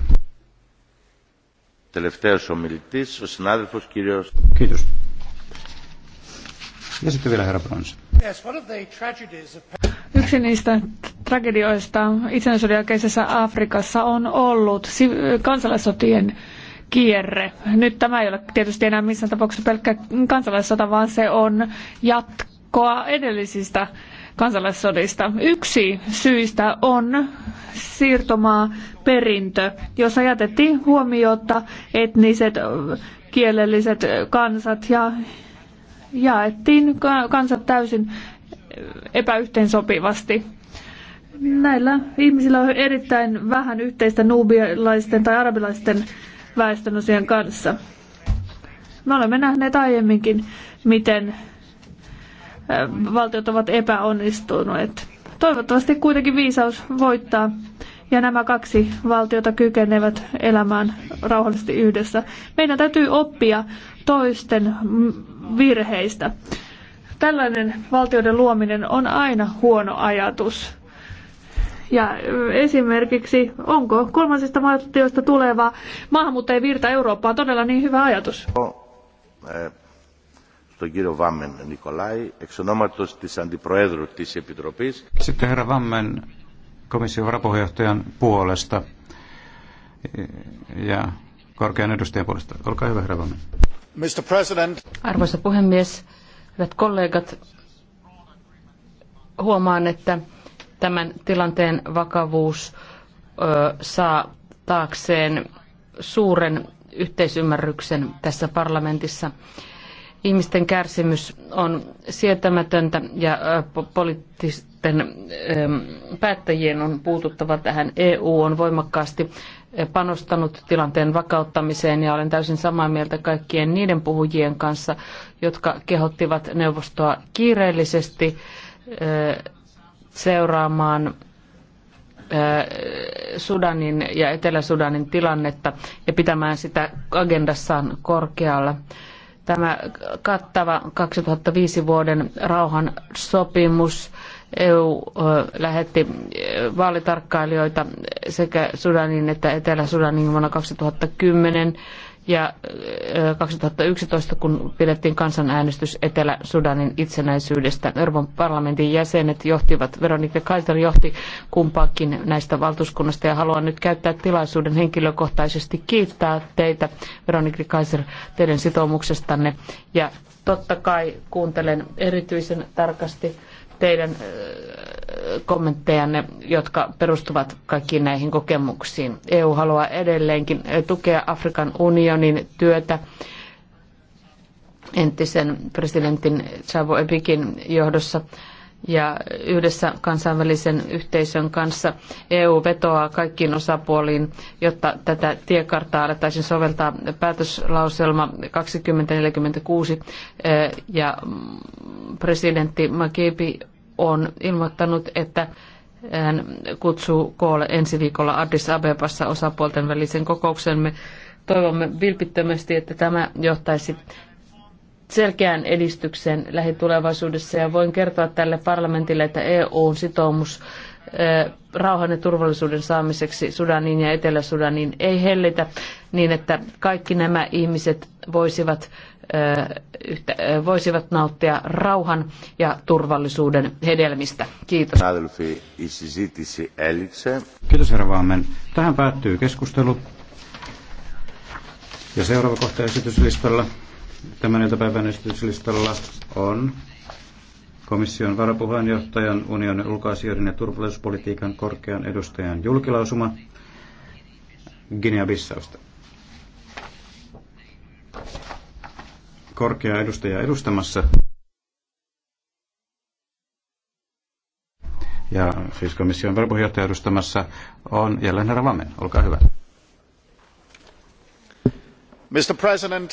Yksi niistä tragedioista itsenäisyyden jälkeisessä Afrikassa on ollut kansalaissotien kierre. Nyt tämä ei ole tietysti enää missään tapauksessa pelkkä kansalaissota, vaan se on jatkoa edellisistä kansalaissodista. Yksi syistä on siirtomaa perintö, jossa jätettiin huomiota etniset, kielelliset kansat ja jaettiin kansat täysin epäyhteensopivasti. Näillä ihmisillä on erittäin vähän yhteistä nuubialaisten tai arabilaisten väestönosien kanssa. Me olemme nähneet aiemminkin, miten valtiot ovat epäonnistuneet. Toivottavasti kuitenkin viisaus voittaa ja nämä kaksi valtiota kykenevät elämään rauhallisesti yhdessä. Meidän täytyy oppia toisten virheistä. Tällainen valtioiden luominen on aina huono ajatus. Ja esimerkiksi, onko kolmansista valtioista tuleva maahanmuuttajavirta Eurooppaan todella niin hyvä ajatus? No, τον κύριο Βάμεν Νικολάη, εξ ονόματος της Αντιπροέδρου της Επιτροπής. Sitten herra Vammen komission varapuheenjohtajan puolesta ja korkean edustajan puolesta. Olkaa hyvä, herra Vammen. Mr. President. Arvoisa puhemies, hyvät kollegat, huomaan, että tämän tilanteen vakavuus ö, saa taakseen suuren yhteisymmärryksen tässä parlamentissa. Ihmisten kärsimys on sietämätöntä ja poliittisten päättäjien on puututtava tähän. EU on voimakkaasti panostanut tilanteen vakauttamiseen ja olen täysin samaa mieltä kaikkien niiden puhujien kanssa, jotka kehottivat neuvostoa kiireellisesti seuraamaan Sudanin ja Etelä-Sudanin tilannetta ja pitämään sitä agendassaan korkealla tämä kattava 2005 vuoden rauhan sopimus. EU lähetti vaalitarkkailijoita sekä Sudanin että Etelä-Sudanin vuonna 2010 ja 2011, kun pidettiin kansanäänestys Etelä-Sudanin itsenäisyydestä. Euroopan parlamentin jäsenet johtivat, Veronika Kaiser johti kumpaakin näistä valtuuskunnasta ja haluan nyt käyttää tilaisuuden henkilökohtaisesti kiittää teitä, Veronika Kaiser, teidän sitoumuksestanne. Ja totta kai kuuntelen erityisen tarkasti teidän kommenttejanne, jotka perustuvat kaikkiin näihin kokemuksiin. EU haluaa edelleenkin tukea Afrikan unionin työtä entisen presidentin Chavo Epikin johdossa ja yhdessä kansainvälisen yhteisön kanssa EU vetoaa kaikkiin osapuoliin, jotta tätä tiekarttaa alettaisiin soveltaa päätöslauselma 2046 eh, ja presidentti Makipi on ilmoittanut, että hän kutsuu koolle ensi viikolla Addis Abebassa osapuolten välisen kokouksen. Me toivomme vilpittömästi, että tämä johtaisi selkeään edistykseen lähitulevaisuudessa ja voin kertoa tälle parlamentille, että EUn sitoumus rauhan ja turvallisuuden saamiseksi sudanin ja etelä sudanin ei hellitä niin, että kaikki nämä ihmiset voisivat voisivat nauttia rauhan ja turvallisuuden hedelmistä. Kiitos. Kiitos herra Vaamen. Tähän päättyy keskustelu. Ja seuraava kohta esityslistalla, tämän iltapäivän esityslistalla on komission varapuheenjohtajan unionin ulkoasioiden ja turvallisuuspolitiikan korkean edustajan julkilausuma Guinea-Bissausta korkea edustaja edustamassa. Ja siis komission varapuheenjohtaja edustamassa on jälleen herra Vamen. Olkaa hyvä. Mr. President.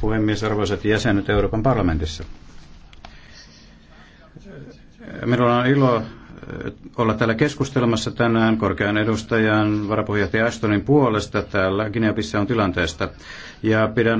Puhemies, arvoisat jäsenet Euroopan parlamentissa. Minulla on ilo eh, olla täällä keskustelemassa tänään korkean edustajan varapuheenjohtaja Astonin puolesta täällä Gineapissa on tilanteesta. Ja pidän